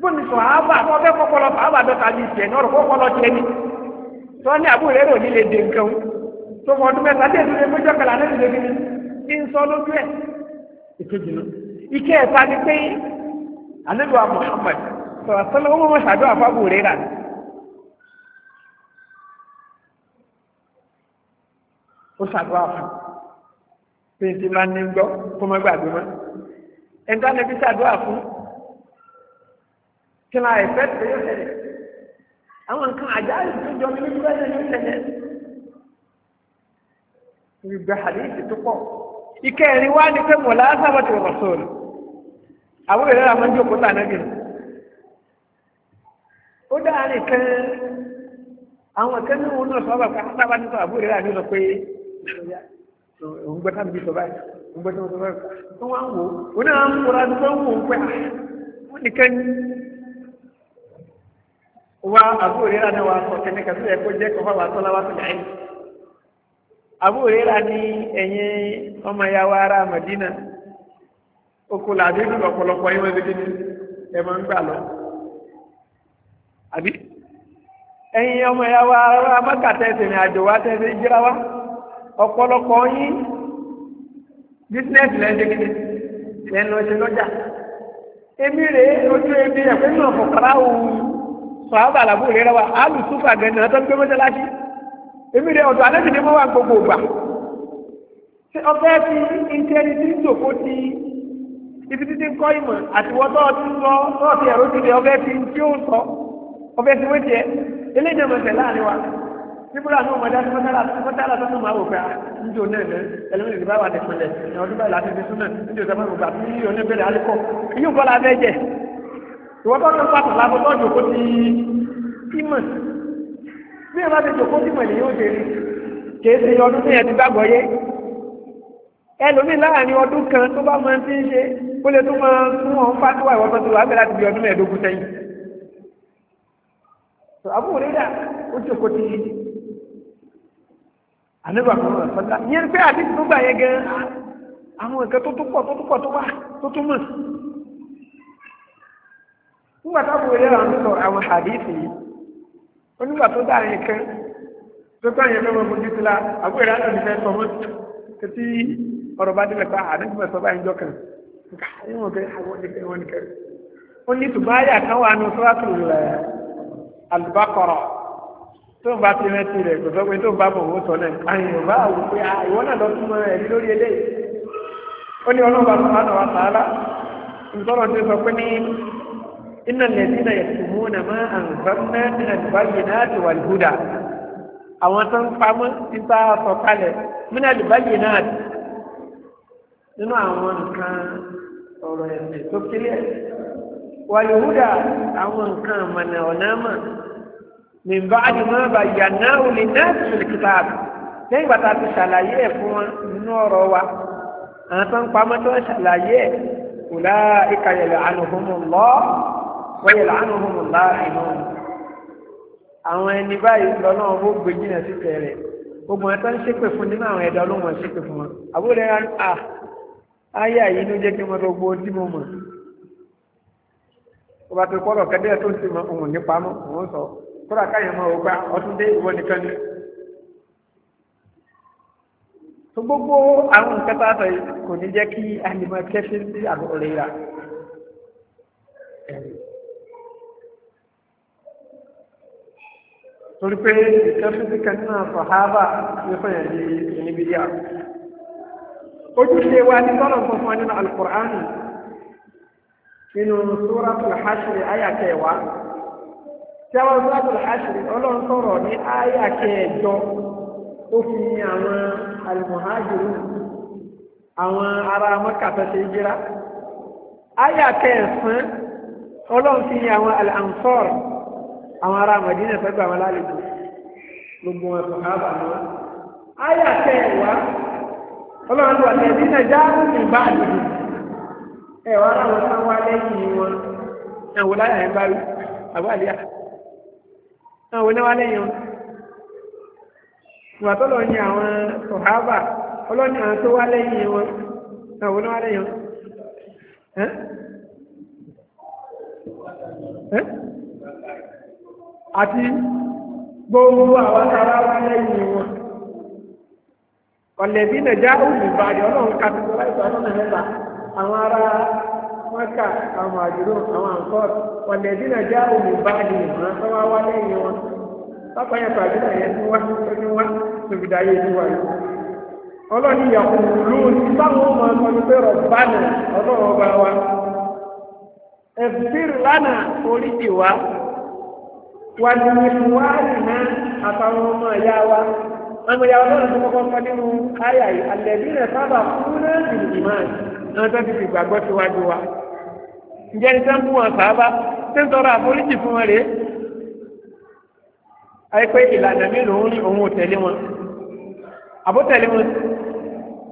bóni sọ àbá tó fẹ́ kọ́kọ́ lọ fà àbá dọ́ta ní tiẹ̀ ní ọ̀rọ̀ kọ́kọ́ lọ tiẹ̀ ni tó ní àbúrò rẹ̀ òní lè dé nǹkan o tó fọ ọdún mẹ́ta dé ìdúró méjọ kẹlà náà lè gbin ní ń lójú ẹ̀ ìkejì náà ike ẹ̀ta ni pé àlejò Muhammad sọ̀rọ̀ sọ́lọ́ ó mọ̀ ṣàdó àfáàbò rẹ̀ rà ó ṣàdó àfà pé ti máa ń ní gbọ́ kó má gbàgbé mọ́ ẹ̀ńtánẹ́bí ṣàdó kí ni àìfẹ́ tó yóò tẹ̀lé àwọn nǹkan àjáde tó jọ ní wípé ẹ̀yẹ yóò tẹ̀lé ìgbà àdéhìí tó pọ̀ ìkẹrin wá ní pé mọ̀lá sábà tó rọ̀ sóòlù àwọn ìrẹ́lẹ̀ àwọn jókòó tà náà bìrì ó dáa nìkan àwọn kan náà wọn náà sọ wà pé àwọn sábà nípa àbúrò rẹ àti sọ pé òun gbọ́dọ̀ bí sọ báyìí òun gbọ́dọ̀ sọ báyìí wọn wá ń wò ó náà ń wò láti wọn wò ó pé àwọn nìkan wa Abu Hurairah náà wà sọ kẹ́nìkan tó yẹ kó jẹ́ kọ́ fáwọn atọ́lá wa sọ̀rọ̀ ẹ̀yìn Abu Hurairah ni ẹ̀yìn ọmọ ya wa ara Madina oko làbí nínú ọ̀pọ̀lọpọ̀ yín wọ́n ti ní ẹ̀ máa ń gbà lọ. àbí ẹ̀yin ọmọ ya wa ara Mẹ́kà tẹ̀sí ní àjò wa tẹ̀sí ìjíra wa ọ̀pọ̀lọpọ̀ yín bísínẹ́sì lẹ́yìn kékeré lẹ́nu ọ̀sẹ̀ lọ́jà èmi rèé ojú ebi ẹ̀fẹ́ náà fọ̀kàrà òun sọ̀hábà làbú rẹ̀ wa alù súfà gẹ̀ẹ́nà tó ń gbé mọ́sálásí èmi rẹ̀ ọ̀dọ̀ alẹ́ nìyẹn mọ́ wà gbogbo ògbà ṣé ọfẹ́ fi ìtẹ́ni tí ń tòkó ti ibi títí ń kọ́ ìmọ̀ àtiwọ́tọ́ ti ń lọ tọ́ọ̀tì ẹ̀rọ ti lè ọfẹ́ fi tí ó sọ ọfẹ́ ti wéjì ẹ eléyìí ọmọ ẹ̀sẹ̀ láàrin wa nígbà tó mọ̀ dájú mọ́tàlá tó tún máa wò pé ah, níjó náà ní ẹlẹ́mìnì ìdìbò àwọn àtẹ̀pẹ̀lẹ̀ ọdún báyìí láti fi súnmọ̀ níjó sábà gbogbo àti yíyí oníbẹ̀rẹ̀ alẹ́kọ̀ọ́ yíyí ń kọ́ la ìwọ́n tó ń pàtó lábọ́ tó jòkó ti ìmọ̀ bí ìwọ́n ti jòkó ti mọ̀ ní yóò ṣe rí kìí ṣe ọdún tí yẹn ti gbàgbọ́ yé ẹlòmíì láàrin ọdún kan tó bá máa ti ń ṣe ó lè tó máa fún wọn fàtúwà ìwọ́n tó ti wà bẹ́ẹ̀ láti bí ọdún mẹ́ẹ̀ẹ́dógún sẹ́yìn àbúrò rẹ̀ dà ó jòkó ti àníbà kan wà sọ́dá yẹn pé àdìsí tó gbà yẹn gan àwọn nǹkan tó tó tó tó tó wà tó tó nígbà táwọn òwe yára ń sọ àwọn hadithi yìí onígbà tó dáa yẹn kan tó kọ́ yẹn fẹ́ mọ fojú sí la àbúrò rẹ̀ àtàwọn ìfẹ́ sọ mọ́ títí ọ̀rọ̀ bá débẹ̀ pa àdéhùn mọ̀ sọ́ba ẹ̀jọ́ kan nǹka ẹ̀yìn wọn kẹ́ àwọn oníkẹ́ wọn kẹ́ ó ní tùbáyà kan wà ní sọ́wọ́tò eh, Al-Baqarah tó ń bá ti rántí rẹ̀ kò sọ pé tó ń bá bọ̀ wọ́n sọ náà àyìn ò bá pé ah, ìwọ náà lọ tún mọ ẹ̀rí lórí eléyìí ó ní ọlọ́run bá sọ inna alladhina yaktumuna ma anzalna min na bayyinati wal huda àwọn tó ń pamọ́ nípa sọ̀kalẹ̀ min al-bayyinati nínú àwọn nǹkan ọ̀rọ̀ ẹ̀sìn tó kílẹ̀ wal huda àwọn nǹkan àmàna ọ̀nà mà min ba'di ma bayyanahu lin-nasi fil-kitab lẹ́yìn ìgbà tá a ti ṣàlàyé ẹ̀ fún wọn nínú ọ̀rọ̀ wa àwọn tó ń pamọ́ tó ń ṣàlàyé ẹ̀ ulaika yal'anuhumullah wọ́yẹ̀ lánàá mọ̀ láàrin náà àwọn ẹni báyìí lọ́nà ó gbé jìnnà sí tẹ̀rẹ̀ gbogbo ẹ̀ tó ń ṣépè fún nínú àwọn ẹ̀dá ọlọ́wọ̀n ṣépè fún wọn àbúrò ẹ̀ à ayé àyè ló jẹ́ kí wọ́n lọ gbó tí mo mọ̀ ó bá ti kọ́rọ̀ kẹ́dẹ́ tó ń ti mọ òun nípa mọ́ òun sọ kódà káyọ̀ mọ́ ògbà ọtún dé ìwọ nìkan ni. tó gbogbo àwọn nǹkan tá a sọ yìí kò ní jẹ́ kí àlìmọ́ kẹ́fí sí àbúrò rẹ̀ rà. torí pé ìtẹ́físíkà náà fàhábà ní fún yẹn di ìníbíyà ojúṣe wa ní tọ́lọ̀ fọ́fọ́ nínú alukur'ani nínú suratul hashri àyà kẹwàá tí a wá suratul hashri ọlọ́run sọ̀rọ̀ ní àyà kẹjọ ó fi àwọn alimuhajiru àwọn ará mọ́kàtà jíra àyà ọlọ́run fi àwọn alansọ́rọ̀ àwọn ará Mẹdínà fẹ́ gbà wọn lálejò gbogbo wọn sọ káàbà ni wọn. ayé àtẹ ẹwà Ọlọ́run ló wà ní ẹbí náà jáàmù ní ìbá àdìdì ẹwà làwọn kan wá lẹ́yìn wọn àwọn láyà ẹ bá rí àbáàlíà àwọn oníwà lẹ́yìn wọn. ìwà tọ́lọ̀ ní àwọn sọ̀hábà ọlọ́ni àwọn tó wá lẹ́yìn wọn àwọn oníwà lẹ́yìn wọn àti gbogbo àwọn ará lẹ́yìn wọn ọ̀lẹ́bí nàìjà òmìnira àdì ọlọ́run kàtìkọ́ láìpẹ́ ọlọ́run mẹ́ta àwọn ará mọ́kà àwọn àdúró àwọn àǹkọ́ọ̀tù ọ̀lẹ́bí nàìjà òmìnira àdì ìmọ̀ràn tó wá wá lẹ́yìn wọn pápá yẹn pàdé náà yẹn tí wọ́n tó ní wọ́n tóbi dáyé ní wáyé ọlọ́ni ìyàwó lónìí báwọn ọmọ ọmọ mi pé rọ̀bánà ọlọ́run ọba wa ẹ̀fíìrì lánàá orí ti wá wà ní ìfúwárì náà àtàwọn ọmọ ìyá wa ọmọ ìyá wa náà tó kọ́kọ́ sọ nínú káyà yìí àlẹ́bí rẹ̀ sábà fún náà sì ìmọ̀ àwọn tó ti fi gbàgbọ́ síwájú wa ǹjẹ́ ní sẹ́ńpù wọn sábà ṣé ń sọ̀rọ̀ àforíjì fún wọn rèé àìpé ìlànà mélòó ní òun ò tẹ̀lé wọn àbótẹ̀lé wọn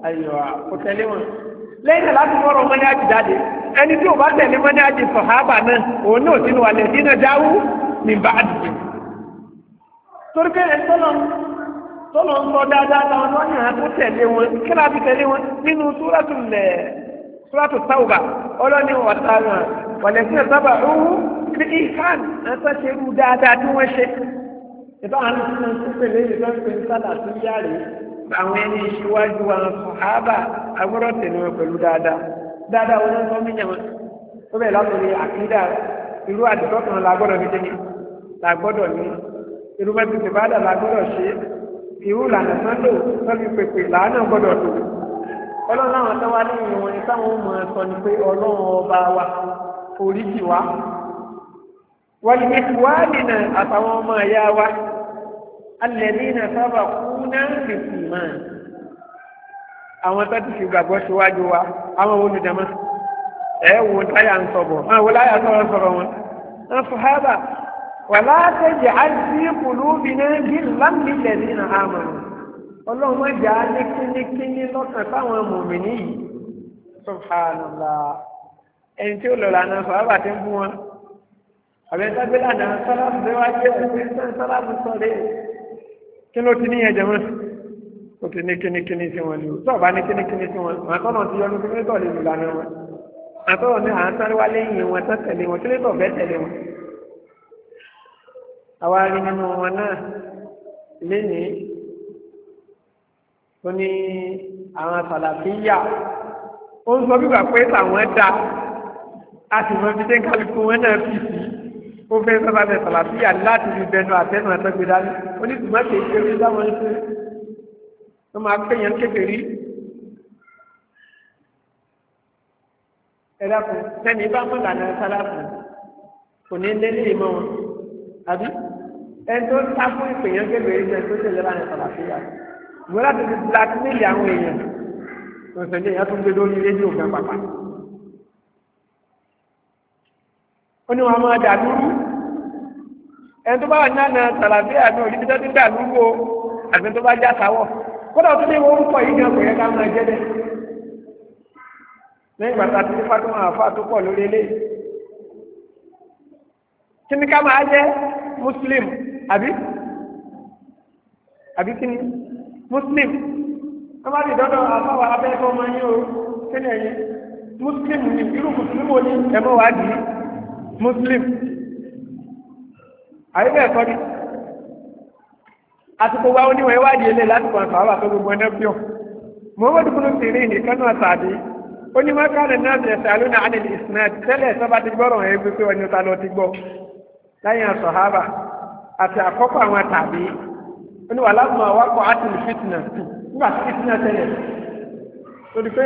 àyọ̀ àbótẹ̀lé wọn lẹ́yìn láti fọ́rọ̀ mọ́ni àjì jáde ẹni tí ò bá tẹ̀lé mọ́ni àjì sọ̀hábà náà òun náà sínú àlẹ́ sínú jáwú ní báàdì torí pé ẹ̀sọ́nà tọ́lọ̀ ń sọ dáadáa táwọn tó yàn án tó tẹ̀lé wọn kí láà fi tẹ̀lé wọn nínú súrátù lẹ̀ súrátù táwùbà ọlọ́ni ọ̀tá wọn wàlẹ́sí ẹ̀sábà ọ̀hún ní ìhàn ẹ̀sọ́ ṣe rú àwọn ẹni ìṣíwájú dáadáa dáadáa wọn ń mí àkídà irú àdìsọ́kàn la gbọ́dọ̀ fi kéde la gbọ́dọ̀ ní irú mẹ́tìtì bá dà la gbọ́dọ̀ ṣe irú lànà tán lò tọ́bi pèpè làánà gbọ́dọ̀ lò ọlọ́run láwọn tó wá nínú wọn ni táwọn ọmọ ẹ sọ ni pé ọlọ́run ọba wa oríjì wa wọ́n ní wáàlì náà àtàwọn ọmọ ẹ̀yà wa alẹ́lí náà sábà kú náà sì sì máa àwọn tó ti fi gbàgbọ́ síwájú wa àwọn olùdámọ́ ẹ wo táyà ń sọ̀bọ̀ ẹ wo láyà sọ̀rọ̀ sọ̀rọ̀ wọn. wọn sọ hábà wà látẹ̀jẹ̀ á sí kùlùbí náà bí lámìlẹ̀ nínú àmọ́ ọlọ́run ọjà ní kínníkínní lọ́kàn táwọn mòmìnì yìí subhanallah ẹni tí ó lọ lànà sọ hábà ti ń bú wọn àbẹ̀ntàgbélà náà sọ́láàbù tó wájú ẹ̀sìn sọ́láàbù sọ̀rẹ́ kí ó ti ní kínníkínní sí wọn lò tó ọ̀bá ní kínníkínní sí wọn wọn kọ́nà ti yọ ní kínníkínní ìlú lànà wọn àtọ́wọ̀n ní àánsáré wá lẹ́yìn wọn tán tẹ̀lé wọn kílé tọ̀fẹ́ tẹ̀lé wọn àwa rí nínú wọn náà lénìí ó ní àwọn sàlàfíyà ó ń sọ bíbà pé tàwọn dá a sì mọ bíi kálukú wọn náà fi sí ó fẹ́ sábà bẹ sàlàfíyà láti fi bẹnu àtẹnu àtẹgbẹdá ní onídùúmọ̀ kékeré láwọn ń ṣe ó máa pè yẹn kékeré. ẹ̀dá kan sẹ́ni bá mọ̀ lànà sálàfù kò ní lélẹ̀ ìmọ̀ wọn àbí ẹni tó ta fún ìpènyàn gẹ́gẹ́ yìí náà tó tẹ̀lé lánà sàlàfíà ìwé láti fi blackmail àwọn èèyàn òṣèlú èèyàn tó ń gbé lórí rédíò gan pàpà. ó ní wọn máa dà lúrú ẹni tó bá wà ní àná sàlàfíà ní òdìbí tó ti dà lúrú o àti tó bá já sáwọ̀ kódà tó ní orúkọ yìí gan kò yẹ ká máa jẹ́ lẹ́yìn gbàtà tí fífá tó máa fà tó pọ̀ lórí eléyìí. kí ni ká máa jẹ́ muslim àbí àbí kí ni muslim wọ́n bá ti dọ́dọ̀ àfáwà abẹ́ẹ̀kọ́ máa yín o kí ni ẹ̀yìn muslim ni irú muslim ò ní ẹ̀mọ́ wàá di muslim àbí bẹ́ẹ̀ kọ́ ni àsìkò wa oníwọ̀n ìwádìí eléyìí láti kọ́ àfáwà tó gbogbo ẹ̀dẹ́ pure mọ́wọ́dúnkún sí ní ìkànnì àtàdé ó ní máa káàdì náà ti ẹ̀sẹ̀ àlónà àdìl isnad tẹ́lẹ̀ sábà ti gbọ́rọ̀ ẹ̀ gbé pé ọ̀nà ta lọ ti gbọ́ lẹ́yìn àsọ̀hábà àti àkọ́kọ́ àwọn tàbí ó ní wà láwọn awakọ̀ àti fitna nígbà tí fitna tẹ̀lẹ̀ torí pé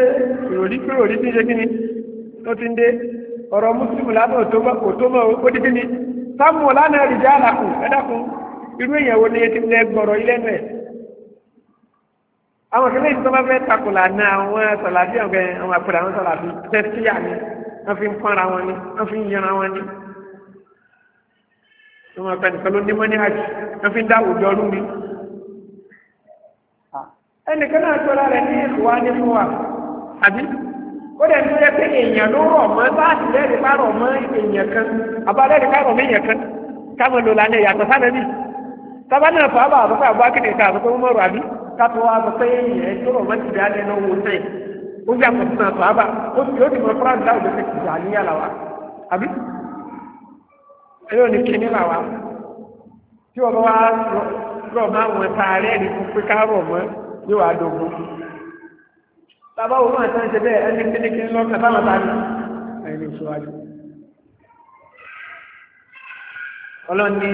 ìròrí pé òrí ti ń ṣe kíni tó ti ń dé ọ̀rọ̀ mùsùlùmí lábẹ́ òtómọ̀ ó di kíni sámúlánà rìjálà kù ẹ̀dá kù irú èèyàn wo ni etí ń lẹ gbọ̀rọ̀ ilé náà àwọn kìlẹ̀ yìí tó bá fẹ́ takùlà ní àwọn sọ̀làbí ọ̀gẹ́ àwọn àpèrè àwọn sọ̀làbí tẹ́tíyà ni wọ́n fi ń pọ́nra wọn ni wọ́n fi ń yẹra wọn ni wọ́n fẹ́ nìkan ló ní mọ́ ní àjì wọ́n fi ń dá àwùjọ ọdún mi. ẹnìkan náà tọ́lá rẹ̀ ní ìwà ní fún wa àbí ó dẹ̀ ní pé èèyàn ló rọ̀ mọ́ sáàtì lẹ́rìí bá rọ̀ mọ́ èèyàn kan àbá lẹ́rìí bá rọ̀ mọ́ èèyàn kan káwọn lò lálẹ́ yàtọ̀ sábẹ́ bì sábà náà fà á bà àbúkọ̀ àbúkọ̀ kátó wa sọ pé ẹ tó rọ̀ mọ́tì dá lẹ́nu owó sẹ́ ó yà kó sínú àtọ̀ àbá ó sì ó ti mọ fúlàní láwùjọ ti tì wà níyà làwà àbí ẹlẹ́wọ̀n ni kíní làwà tí wọ́n bá wá rọ̀ mọ́ àwọn ẹ̀ka rẹ̀ ní pé ká rọ̀ mọ́ yóò wá dógún bàbá òun àti ẹ̀ṣẹ̀ bẹ́ẹ̀ ẹni kíní kíní lọ́kàn táwọn bá ní ẹni ìṣòwájú. ọlọ́run ní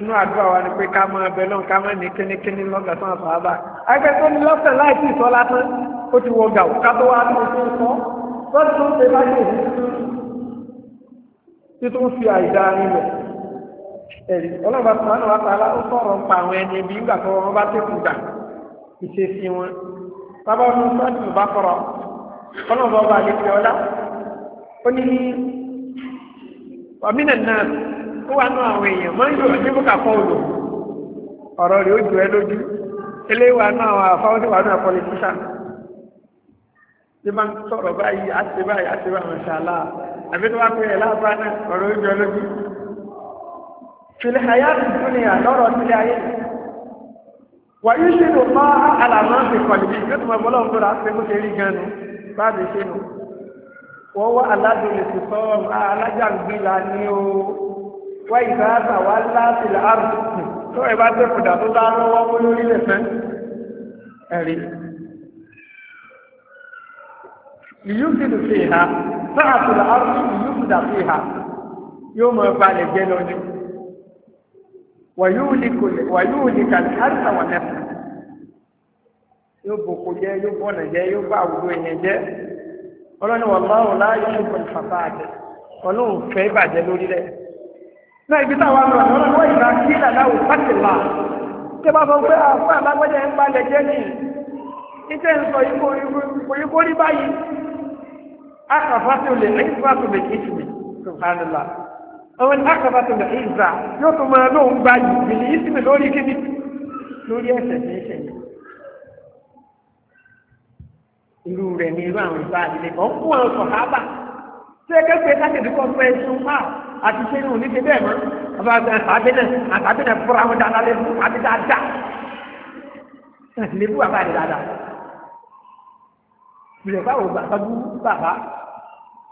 inú àdúrà wa ni pé ká mọ ẹbẹ lọ́n ká mọ ní kínníkínní lọ́gàá tó ń sọ àbá àgbẹ̀ tó ní lọ́sẹ̀ láìsí ìsọ lásán ó ti wọ gàù ká tó wá lọ sí ìsọ lọ́sẹ̀ tó ń ṣe bá yẹ tí tó ń fi àìdá nílẹ̀ ẹ̀rí ọlọ́run bá tún wá tààlà ó sọ̀rọ̀ ń pa àwọn ẹni ẹbí nígbà tó wọn bá tẹ̀kù gbà ìṣesí wọn bàbá ọdún sọ́ọ̀dì bá kọ̀rọ̀ ọlọ́run bá wà ó wà nù àwọn èèyàn máa ń yọ ní bùkà fọ́ òdò ọ̀rọ̀ rẹ̀ ó jù ẹ lójú eléyìí wà nù àwọn àfáwọn wà nù àpọlitíṣà tí máa ń sọ̀rọ̀ báyìí àti báyìí àti báyìí ṣàlá àbí tó wá pé ẹ̀ láàbá náà ọ̀rọ̀ ó jù ẹ lójú. fìlìhàyà tuntun ni àlọ́rọ̀ sílé ayé wà yìí ṣe lò máa àlàmọ́ fi kọ̀lì bí yóò tún bọ́lọ́ nǹkan rà pé bó ṣe gan wọ́n wá aládùn lè ti sọ alájàngbìlà ní o wọ́n ìgbà àtà wá láti làárù tó ẹ bá tẹ̀ fùdà tó bá lọ́wọ́ mú lórí lẹ̀ fẹ́ ẹ̀rí. ìyúfìdù fi hà sáà tó làárù ìyúfìdà fi hà yóò mọ balẹ̀ jẹ́ lọ́dún wàyúùlìkà àtà wà nẹ́fà yóò bòkò jẹ́ yóò bọ̀nà jẹ́ yóò bá àwùjọ ìyẹn jẹ́ ọlọ́ni wàlláhùn láàyè ṣùgbọ́n fàfà àjẹ́ ọlọ́run fẹ́ bàjẹ́ lórí rẹ̀ náà ibi táwa lọ àwọn ọlọ́wọ́ ìgbà kí làláwò pàtìlá tí bá sọ pé àfún àlágbẹ́jẹ́ ń balẹ̀ jẹ́ ní iṣẹ́ ń sọ ìkòyí kó rí báyìí akàfà tó lè ní ìfà tó lè kí tù mí subhanallah àwọn ní akàfà tó lè kí ìzà yóò tó máa lóun gba ìbìlì ìsinmi lórí kíni lórí ẹsẹ̀ ní ẹsẹ̀ yìí irú rẹ̀ ní irú àwọn ìbá ilé ọ̀pọ̀ àwọn sọ̀hábà tí ẹgbẹ́ pé láti dúkọ́ fẹ́ sún àti ṣé ìhùn níṣe bẹ́ẹ̀ mọ́ ọba àtàbínà àtàbínà fúra wọn dáadáa lẹ́nu àti dáadáa lẹ́bù bàbá rẹ̀ dáadáa bìrẹ̀ báwo bàbá bú bàbá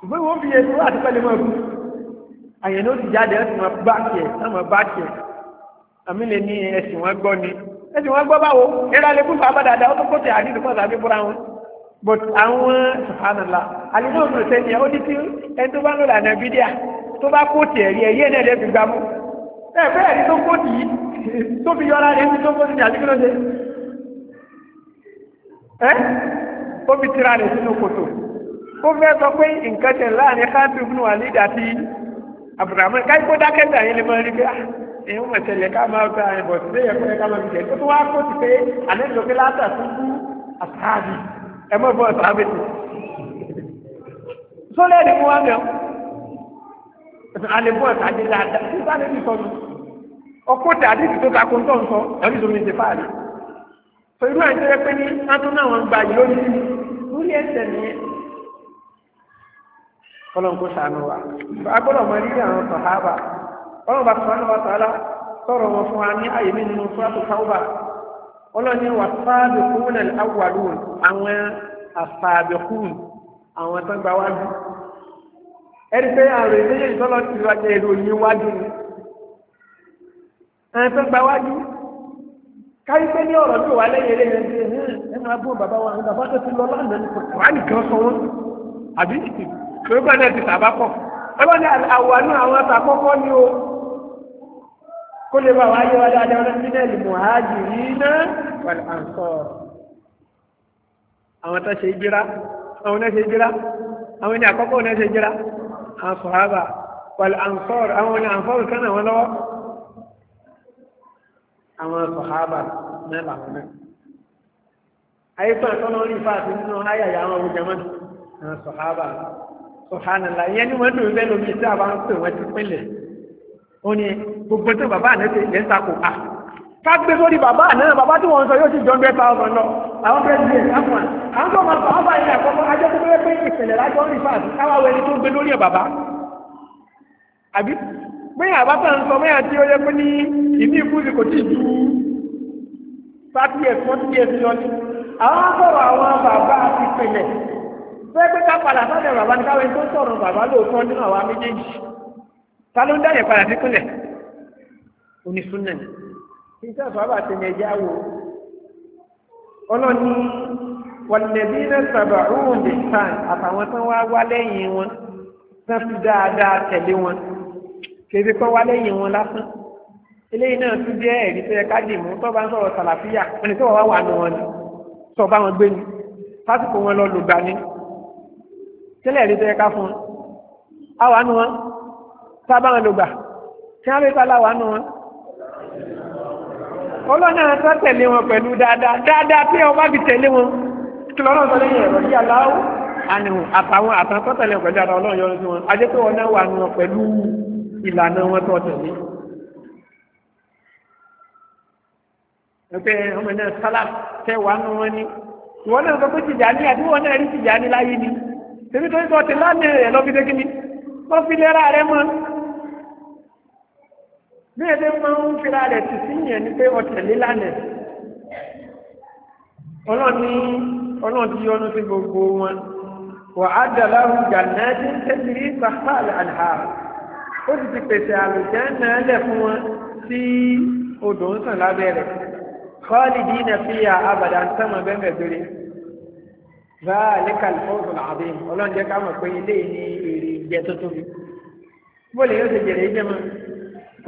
ṣùgbọ́n wọ́n fi ẹnu àti pẹ́lẹ́ mọ́ ẹ̀kú àyẹ̀ ní ó ti jáde ẹ̀sìn wọn bá tiẹ̀ sáwọn bá tiẹ̀ àmì lè ní ẹ̀sìn wọn gbọ́ ni ẹ̀sìn wọn gbọ́ báwo ìrà lẹ́bù bàbá dáadáa ó tó kó tẹ̀ àdínkù fún àtàbí fúra wọn but àwọn sùhánàlá àlejò òṣèlú ẹni tó bá ń lò lànà bídíà tó bá kóòtì ẹ̀rí ẹ̀yí ẹ̀dẹ̀ ẹ̀dẹ̀ fi gbà mú ẹ̀ pé ẹ̀rí tó kóòtì yìí tó fi yọra rẹ̀ tó kóòtì ní àdígbò lóde ẹ́ ó fi tira rẹ̀ sínú kòtò ó fẹ́ sọ pé nǹkan tẹ̀ láàrin káàtì ibùnú alid àti abdulrahman káyí kó dákẹ́ dà yín lè máa rí pé ah, èyí wọ́n tẹ̀lé ká máa gba ẹ̀ bọ̀ sílé yẹ kọ́lẹ́ ká máa fi jẹ́ tó wá kóòtì pé alẹ́ lókè látà tó kú àtàbí ẹ mọ̀ alẹ́bù ọ̀tàdé dáadáa tí bá níbi sọ́nù ọkọ̀ tẹ àdéhì tó ta kóńtọ̀ ń sọ ẹ̀rí tó ní ti fáàlì. pẹ̀lú àti rẹ pé ní sátún náà wọn gba ìlú ní lórí ẹsẹ̀ nìyẹn. ọlọ́run kò sànù wa agbọ́dọ̀ mọ rírì àwọn sàhábà ọlọ́run bá sọ̀rọ̀ náà wà sàlá sọ̀rọ̀ wọn fún wa ní àyè mi nínú fúlàtò sáwùbà ọlọ́run ní wà sáàbì kúrúnà àwọn àlùwọ̀n àwọn àfààbẹ̀kúrún àwọn tó gbà wájú ẹni pé àrùn ìdíyẹ ìtọ́lọ́ ti jẹ ni ẹni tó gba wájú káyí pé ní ọ̀rọ̀ tó wà lẹ́yìn eléyìí ẹni pé bàbá wa bàbá tó ti lọ lánàá ní kòtò wáyé kan sọ wọn àbí lórí gbọ́dọ̀ ti tàbá pọ̀ ẹgbẹ́ ní àwọ̀ àánú àwọn ni o kó lè bá wa yé nẹ́ẹ̀lì àwọn tó ṣe àwọn ṣe àfàábà pẹ̀lú àǹfọ́ọ̀rù àwọn ní àǹfọ́ọ̀rù kan àwọn lọ́wọ́ àwọn àfàábà náà làwọn náà ayé tó àtọ́nà orí fáàtì nínú ayàyà àwọn ọmọ jẹmọ́ àwọn sọ̀hábà sọ̀hánàlá ìyẹn ni wọ́n dùn lẹ́nu mi tí a bá ń pè wọ́n ti pínlẹ̀ ó ní gbogbo tó bàbá àná ti lè wọ́n àwọn bẹ́ẹ̀ bíi ẹ̀sán wọn àwọn tó máa fọwọ́ báyìí àkọ́kọ́ ajọ́ tó fẹ́ pé ìṣẹ̀lẹ̀ lájọ́ ń rí fáàbí káwá wẹ ni tó ń gbé lórí ẹ̀ bàbá àbí bẹ́ẹ̀ àbátan ń sọ mẹ́yà tí ó yẹ pé ní ìní ìfúnni kò tíì ju thirty years forty years lọ ní àwọn sọ̀rọ̀ àwọn bàbá ti pẹ̀lẹ̀ fẹ́ pé ká padà sọ́dọ̀ bàbá ní káwé tó sọ̀rọ̀ bàbá lóòótọ́ nínú àwa méjèèjì ta ló ń dáyẹ̀ padà sí kúnlẹ̀ onísúnnà ní sọ́dọ̀ bàbá ọlọ́ni wàlẹ́bí náà sábà rúùn dé sàn àtàwọn tó wá wá lẹ́yìn wọn tán fi dáadáa tẹ̀lé wọn kébí kọ́ wá lẹ́yìn wọn lásán eléyìí náà tún jẹ́ ẹ̀rí tó yẹ ká dì mú tó bá ń sọ̀rọ̀ sàlàfíà wọn ni tó wà wá wà nù wọn ni tó bá wọn gbé ni lásìkò wọn lọ lùgbà ni tẹ́lẹ̀ ẹ̀rí tó yẹ ká fún wọn àwa nù wọn tá a bá wọn lùgbà kí wọ́n lè bá láwa nù wọn ọlọ́nà ẹ̀sán tẹ̀lé wọn pẹ̀lú dáadáa dáadáa tí ọba fi tẹ̀lé wọn kí lọ́nà sọ lẹ́yìn ẹ̀rọ yíyá láwù àníhùn àtàwọn àtàkọ́ tẹ̀lé wọn pẹ̀lú dáadáa ọlọ́run yọrọ sí wọn ajé pé wọn náà wà nù wọn pẹ̀lú ìlànà wọn tó tẹ̀lé. ẹgbẹ́ ọmọ náà sálà tẹ wà nù wọn ni ìwọ náà sọ pé Tìjàní àti wọn náà rí Tìjàní láyé ni tèmi tó ń sọ tẹ̀lé àná bí ẹgbẹ́ máa ń fira rẹ̀ ti sí yẹn ni pé ọ̀tẹ̀lé lánàá ọlọ́ni ọlọ́ni ti yọnu sí gbogbo wọn wà á dàlá ọjà náà ti ń tẹ́sí rí sàkàlà àlá ó sì ti pèsè àlùjẹ́ náà lẹ̀ fún wọn tí odò ń sàn lábẹ́ rẹ̀ kọ́ọ̀lì dì ní fi yà abàdà ń sẹ́wọ̀n bẹ́ẹ̀ bẹ́ẹ̀ báà lè kàlífọ́ọ̀sì làbí ọlọ́ni jẹ́ ká mọ̀ pé ilé ní èrè ìjẹ́ tó tóbi bó lè yóò ṣe jèrè ìjẹ́ mọ́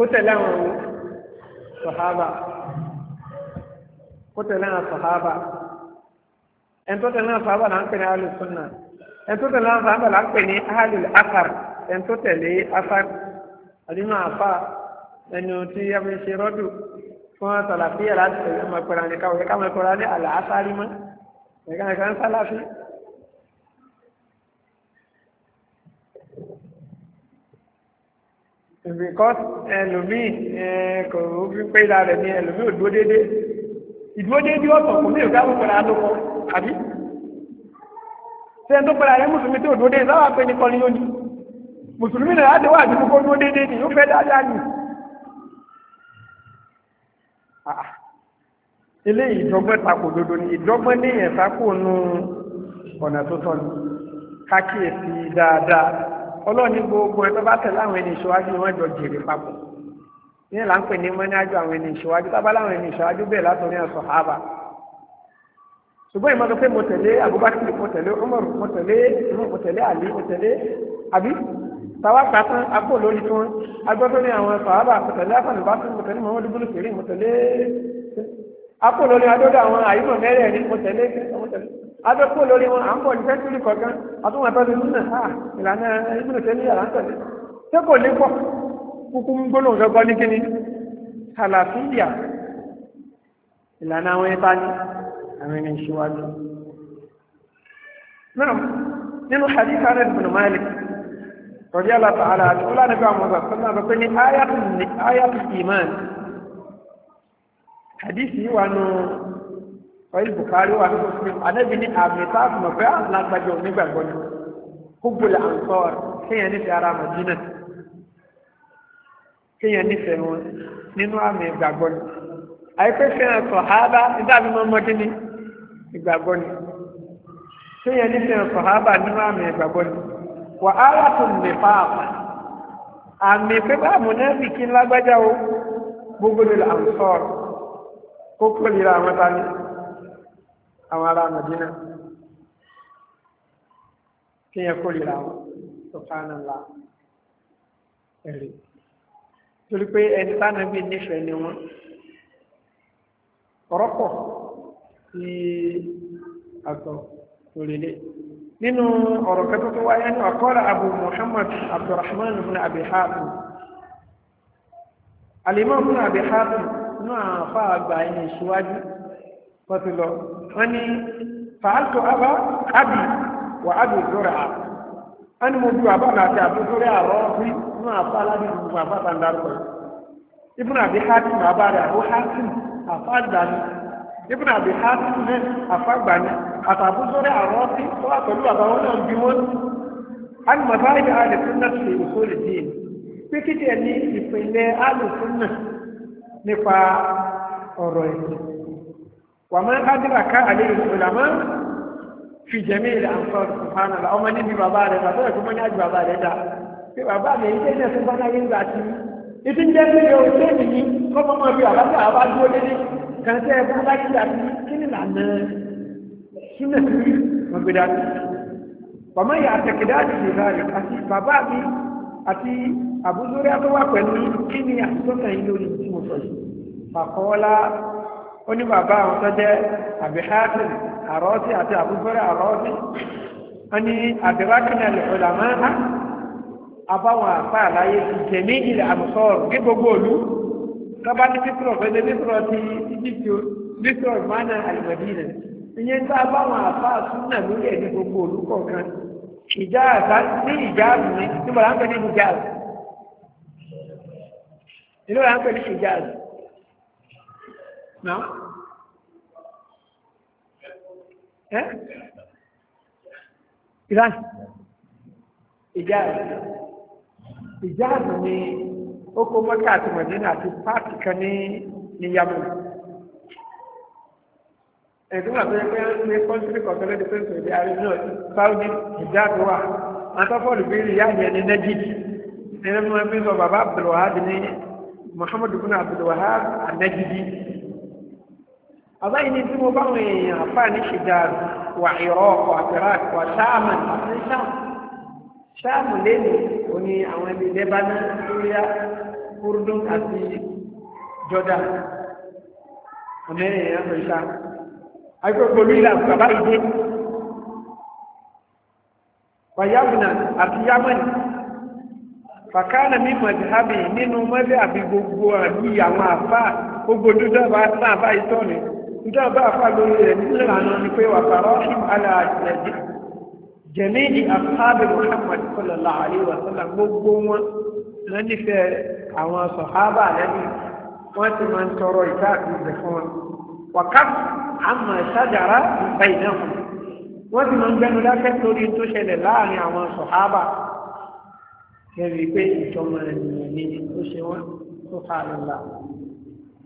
kó tẹ̀lé àwọn sọ̀hábà kó tẹ̀lé àwọn sọ̀hábà ẹ̀ńtọ́ tẹ̀lé àwọn sọ̀hábà là ń pè ní ahlù sunna ẹ̀ńtọ́ tẹ̀lé àwọn sọ̀hábà là ń pè ní ahlù afar ẹ̀ńtọ́ àdínú àfa ẹnu tí a fi ṣe rọ́dù fún àtàlàfíà láti tẹ̀lé ọmọ ìpẹ́ra ní káwọ́ ẹ̀ká ọmọ ìpẹ́ra ní àlàáfárí mọ́ ẹ̀ká ẹ̀ká ń sálàfí. because ẹlòmíì kò fi pé ìlà rẹ̀ ní ẹlòmíì ò dúró dédé ìdúró dédé ọ̀sán kò ní ìgbà púpọ̀ náà ló kọ́ àbí sẹ́yìn tó pẹ̀lú ayé mùsùlùmí tí ò dúró dédé sábà pé ní kọ́ni yóò ní mùsùlùmí náà láti wá àdúgbò kó dúró dédé ní ó fẹ́ dáadáa nì ilé ìdọ́gbọ́n takò dodo ni ìdọ́gbọ́n ní ẹ̀ta kò nu ọ̀nà tó tọ́ ni kákíyèsí dáadáa ọlọ́run ní gbogbo ẹ̀ tó bá tẹ̀lé àwọn ẹni ìṣòwájú wọn jọ jèrè papọ̀ ní là ń pè ní mọ́nájú àwọn ẹni ìṣòwájú tábà láwọn ẹni ìṣòwájú bẹ́ẹ̀ látọ̀rí àṣọ àbá ṣùgbọ́n ìmọ̀ tó pé mo tẹ̀lé Abubakar mo tẹ̀lé Umar mo tẹ̀lé mo tẹ̀lé Ali mo tẹ̀lé Abi, tàwa pàtàn apò lórí tí wọn agbọ́dọ̀ ní àwọn sàábà mo tẹ̀lé afọ̀nù bá fún mo tẹ̀lé Muhammadu bulu kiri mo tẹ̀lé apò lórí adọ́dọ̀ àwọn àyíkọ̀ mẹ́rẹ̀ẹ̀rin mo tẹ̀lé mo tẹ̀lé abẹ́kọ̀ lórí wọn à ń bọ̀ ní sẹ́ńtúrì kọ̀ọ̀kan àtúnwò àtọ́jú nínú náà ah, ìlànà ìbùnú tẹ́lẹ̀ yàrá ń tẹ̀lé ṣé kò lè pọ̀ kúkú ń gbólóhùn gbọ́gbọ́ ní kíni àlàáfíà ìlànà àwọn ẹ̀ta ní àwọn ẹni ìṣíwájú. náà nínú hadith Anas bin Malik rọ̀bí aláta ara àti ó lánàá bí àwọn ọgbà fún náà pé ní ayatul iman hadith yìí wà ọyí bukari wà nínú muslim anabi ní àmì tá a fi mọ̀ pé alágbájọ onígbàgbọ́ ni hubbul ansar kéèyàn nífẹ̀ẹ́ ara Madina kéèyàn nífẹ̀ẹ́ wọn nínú àmì ìgbàgbọ́ ni àyíkpé fẹ́ràn sọ̀hábà níta fi mọ́ ọmọdé ni ìgbàgbọ́ ni kéèyàn nífẹ̀ẹ́ sọ̀hábà nínú àmì ìgbàgbọ́ ni wà á wà tó lè fa àpà àmì pé bá mùnáfì kí lágbájá o gbogbo lè là ń sọ̀rọ̀ lè ra àwọn tani àwọn ará Madina kí yẹn kórìíra wọn subhanallah ẹ̀rí torí pé ẹni táwọn ẹbí nífẹ̀ẹ́ ni wọn rọ́pọ̀ sí àgbọ̀ òrèlé nínú ọ̀rọ̀ kẹta tó wáyé ní ọ̀kọ́lá abu muhammad abdulrahman ibn abi hatim alimọ́ ibn abi hatim náà fà àgbà ẹni ìṣíwájú kọ́tù lọ wọ́n ní fàáltò àbá àbí wà ábì ìdúrà wọ́n ní mo ju àbá náà àti àbúdúrà àrọ́ rí inú àbá aládé gbogbo àbá àtàndàrúkọ ibùnà àbí hátìm na rẹ̀ àbó hátìm àfá àgbàní ibùnà àbí hátìm náà àfá àgbàní àtàbúdúrà wọn أهل في أصول الدين أني أهل wàmọ́ adraka àlejò ìlànà fi jẹ̀mí ilẹ̀ àǹfọ̀ sùpánà la ọmọ níbi bàbá rẹ̀ bàbá rẹ̀ tó mọ́ ní àjù bàbá rẹ̀ dá pé bàbá mi ìṣe ìṣe fún báyà yín gbà sí i ti ń jẹ́ pé o ṣé mi ní kọ́mọ́ mọ́ bí bàbá sáà bá dúró dédé kàn sí ẹ̀ fún báyà gbà kí ni lànà kí ni wọn gbé dání. wàmọ́ yà àtẹ̀kẹ́dá àti ìlà rẹ̀ àti bàbá ó ní bàbá àwọn tó jẹ́ àbíháàtì àrọ́sí àti àbúgbẹ́rẹ́ àrọ́sí wọ́n ní àbíwákìnà ìlàmọ́ àbáwọn àpá àláyé ti jẹ ní ilẹ̀ àmùsọ̀rọ̀ ní gbogbo òlu tọ́ba ní bísírọ̀ fẹ́lẹ́ bísírọ̀ ti egypt bísírọ̀ ìmọ̀nà àlùmọ̀dínà ìyẹn tá a àpá súnà lórí ẹ̀ ní gbogbo òlu kọ̀ọ̀kan ìjà ní ìjà ní ń pè ní ìjà náà ẹ́ ìlànà ìjáàbù ìjáàbù ni ó kó mọ́tà àti mọ̀dínà àti páàkì kan ní ní yamu ẹ̀dùnmọ̀ tó yẹ pé ń gbé kọ́ńtírì kọ̀ọ̀kan lẹ́dí pé sòdì àríwá sáwùdí ìjáàbù wà àtọ́fọ́ọ̀lù bí rí yáàyè ní nẹ́jìdì nínú mọ́ ẹgbẹ́ sọ bàbá Abdulwahab ní Muhammadu bin Abdulwahab anẹ́jìdì bàbá yìí ní tí mo bá àwọn èèyàn àfà ní ṣìdáàrù wà ìrọ̀ ọkọ̀ àpẹrẹ wà sáàmù àti sáàmù sáàmù lẹ́nu òní àwọn ẹbí lẹ́bánà lóríyá kúrúdún àti jọdá ọmọ èèyàn àpẹrẹ sáàmù agbègbè olúyìnlá bàbá yìí dé wà yàmùnà àti yàmùnà fàkánà mímọ̀ ìdíhábì nínú mọ́lẹ́ àbí gbogbo àbí àwọn àfà gbogbo dúdú àbá àbá ìtọ́ni ìjọ bá afá lórí rẹ̀ nínú ìlànà ni pé wà fàrọ́ ṣìm aláàjẹ̀dì jẹ̀míìdì àfáàbẹ̀ Muhammad sallallahu alaihi wa sallam gbogbo wọn lọ́n nífẹ̀ẹ́ àwọn sọ̀hábà lẹ́nu wọ́n ti máa ń tọrọ ìtàkùn ìbẹ̀ fún wọn wà káàpù àmọ̀ ìṣàjára ìgbà ìnáwó wọ́n ti máa ń gbẹnu dákẹ́ torí tó ṣẹlẹ̀ láàrin àwọn sọ̀hábà kẹrì pé ìjọmọ̀ ènìyàn ni ó ṣe wọ́n tó fà lọ́la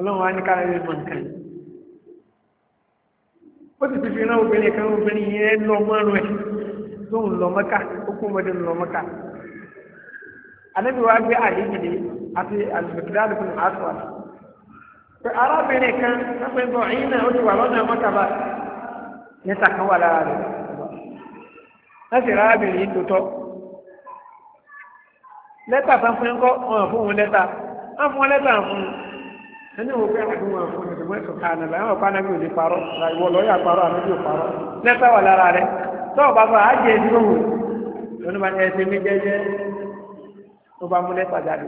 ọlọ́run wá ní kára lè mọ̀ nǹkan ó sì ti fi rán obìnrin kan obìnrin yẹn lọ mọ́rùn ẹ̀ tó ń lọ mọ́ká ó kún mọ́dé ń lọ mọ́ká ànábì wa gbé àlejò àti àlùbẹ̀kìdáàlù fún àtúwà pé arábìnrin kan lápẹ́ bọ̀ ẹ̀yìn náà ó ti wà lọ́nà mọ́ká bá níta kan wà lára rẹ̀ láti arábìnrin yìí tó tọ́ lẹ́tà tán fún ẹ̀ fún òun lẹ́tà wọ́n fún wọn lẹ́tà fún un ẹni wo fẹ́ àdúgbò fún mi ṣùgbọ́n ẹ̀sùn kan nàlẹ́ àwọn ọ̀pá náà mi ò lè parọ́ ìwọ lọ́ọ̀yà parọ́ àmì mi ò parọ́ lẹ́sà wà lára rẹ tọ́ọ̀ bá bá a jẹ ẹdúró wò lónìí máa ní ẹsẹ̀ mi jẹ́jẹ́ tó bá mú lẹ́sà jáde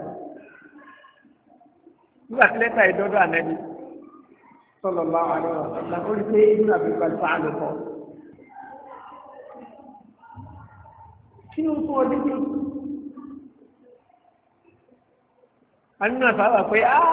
nígbà tí lẹ́sà yìí dọ́dọ̀ ànẹ́bí sọlọ lọ àwọn àlọ́ ọ̀sán ó rí pé inú àbí balùwà ló kọ́ kí ló ń fún ọ dídí ànínú àtàwà pé áá.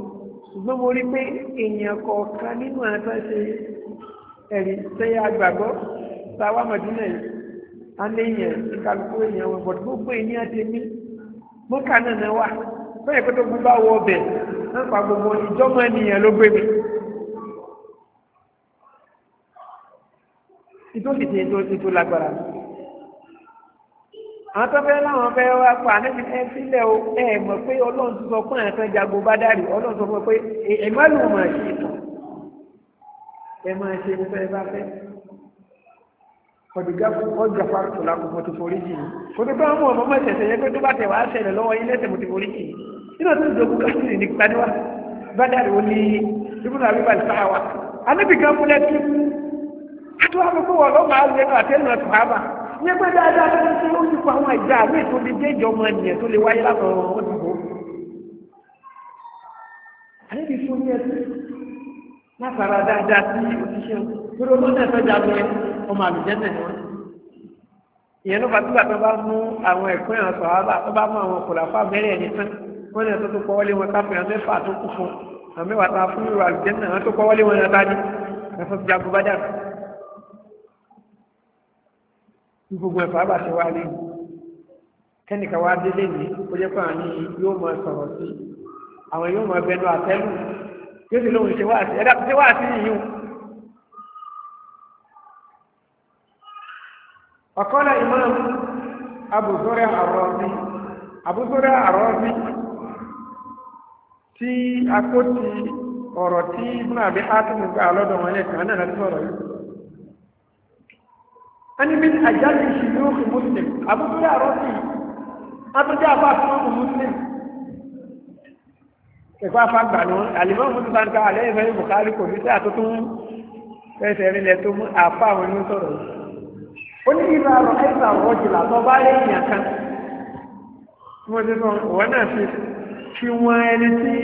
ṣùgbọ́n mo rí pé èèyàn kọ̀ọ̀kan nínú àtọ́ ṣe ẹ̀rí tẹ́ agbàgbọ́ sáwà mọ̀dúnà yìí a ní èèyàn ìkàlùkù èèyàn wọn bọ̀dọ̀ gbogbo èèyàn ti ní mọ́kà náà náà wà bẹ́ẹ̀ pé tó gbogbo àwọ̀ ọbẹ̀ náà pa gbogbo ìjọ́mọ́ ènìyàn ló gbé mi. ìtòsí ti ètò ètò lágbára mi àwọn tó fẹ́ láwọn fẹ́ wá pa níbi ẹ sílẹ̀ o ẹ mọ̀ pé ọlọ́run ti sọ fún àwọn tó jago bá dárì ọlọ́run sọ fún pé ẹ má lù mà ṣe tán ẹ máa ṣe bó fẹ́ bá fẹ́ ọ̀dùgá ọjà pàtó la kò mọ̀ tó forí jì kò tó bá mú ọmọ mọ̀ ṣẹ̀ṣẹ̀ yẹ pé tó bá tẹ̀ wá ṣẹlẹ̀ lọ́wọ́ yín lẹ́sẹ̀ mo ti forí jì nínú tó ń dogun káṣíìrì ní taniwa bá dárì ó ní ibùdó àbíbá ìsáhà wa anábìkan fúnlẹ̀ tó wà fún kó nígbà dáadáa tó ń ṣe ó ti fa àwọn ìjà àbí ètò lè dé ìjọ ọmọ ènìyàn tó lè wáyé látọ̀rọ̀ wọn dìbò. àlébi fún ní ẹsẹ̀ látara dáadáa sí òṣìṣẹ́ torí ọmọ náà fẹ́ẹ́ jáde ọmọ àlùjẹ́ náà wọn. ìyẹn ló fà sígbà tó bá mú àwọn ẹ̀kọ́ ìrìn sọ̀rọ̀ àbá tó bá mú àwọn kòlàfà mẹ́rẹ̀ ẹni tán wọ́n ní ẹ̀sọ́ tó pọ̀ wọlé wọn káfíńà mẹ́fà tó kú fún àmẹ́wàá tá a fún ìwà àlùjẹ́ náà wọ́n tó pọ̀ wọlé wọn náà a ní ẹ̀sọ́ ti jagun bá dàrú bí gbogbo ẹ̀fà bá ti wá lé kẹ́nìkan wá délé ní ó jẹ́ pé àwọn yóò máa sọ̀rọ̀ sí àwọn yóò máa bẹnu àtẹ́lù yóò sì lóhùn ṣe wá sí ẹ̀dá ṣe wá sí yìí o. ọ̀kọ́lá imam Abu Zur'a Ar-Razi Abu Zur'a Ar-Razi tí a kó ti ọ̀rọ̀ tí ibùdó àbí átùmù gbà lọ́dọ̀ wọn lẹ́kàn náà lọ́dọ̀ yìí ẹni bí àjáde ìṣìlúùkì muslim àbúkúrẹ́ àrọ́sì látọ́jú afá fún muslim ẹ̀kọ́ afá gbà ní àlìmọ́ muslim bá ń ká alẹ́ ìfẹ́ ní bukari kò ní sí àtúntún fẹsẹ̀ nílẹ̀ tó mú afá àwọn ẹni sọ̀rọ̀ ó ní ìlà àrọ̀ ẹ̀sà wọ́jìlá tó bá lé èèyàn kan tí wọ́n ti sọ wọ́n náà fi fi wọ́n ẹni tí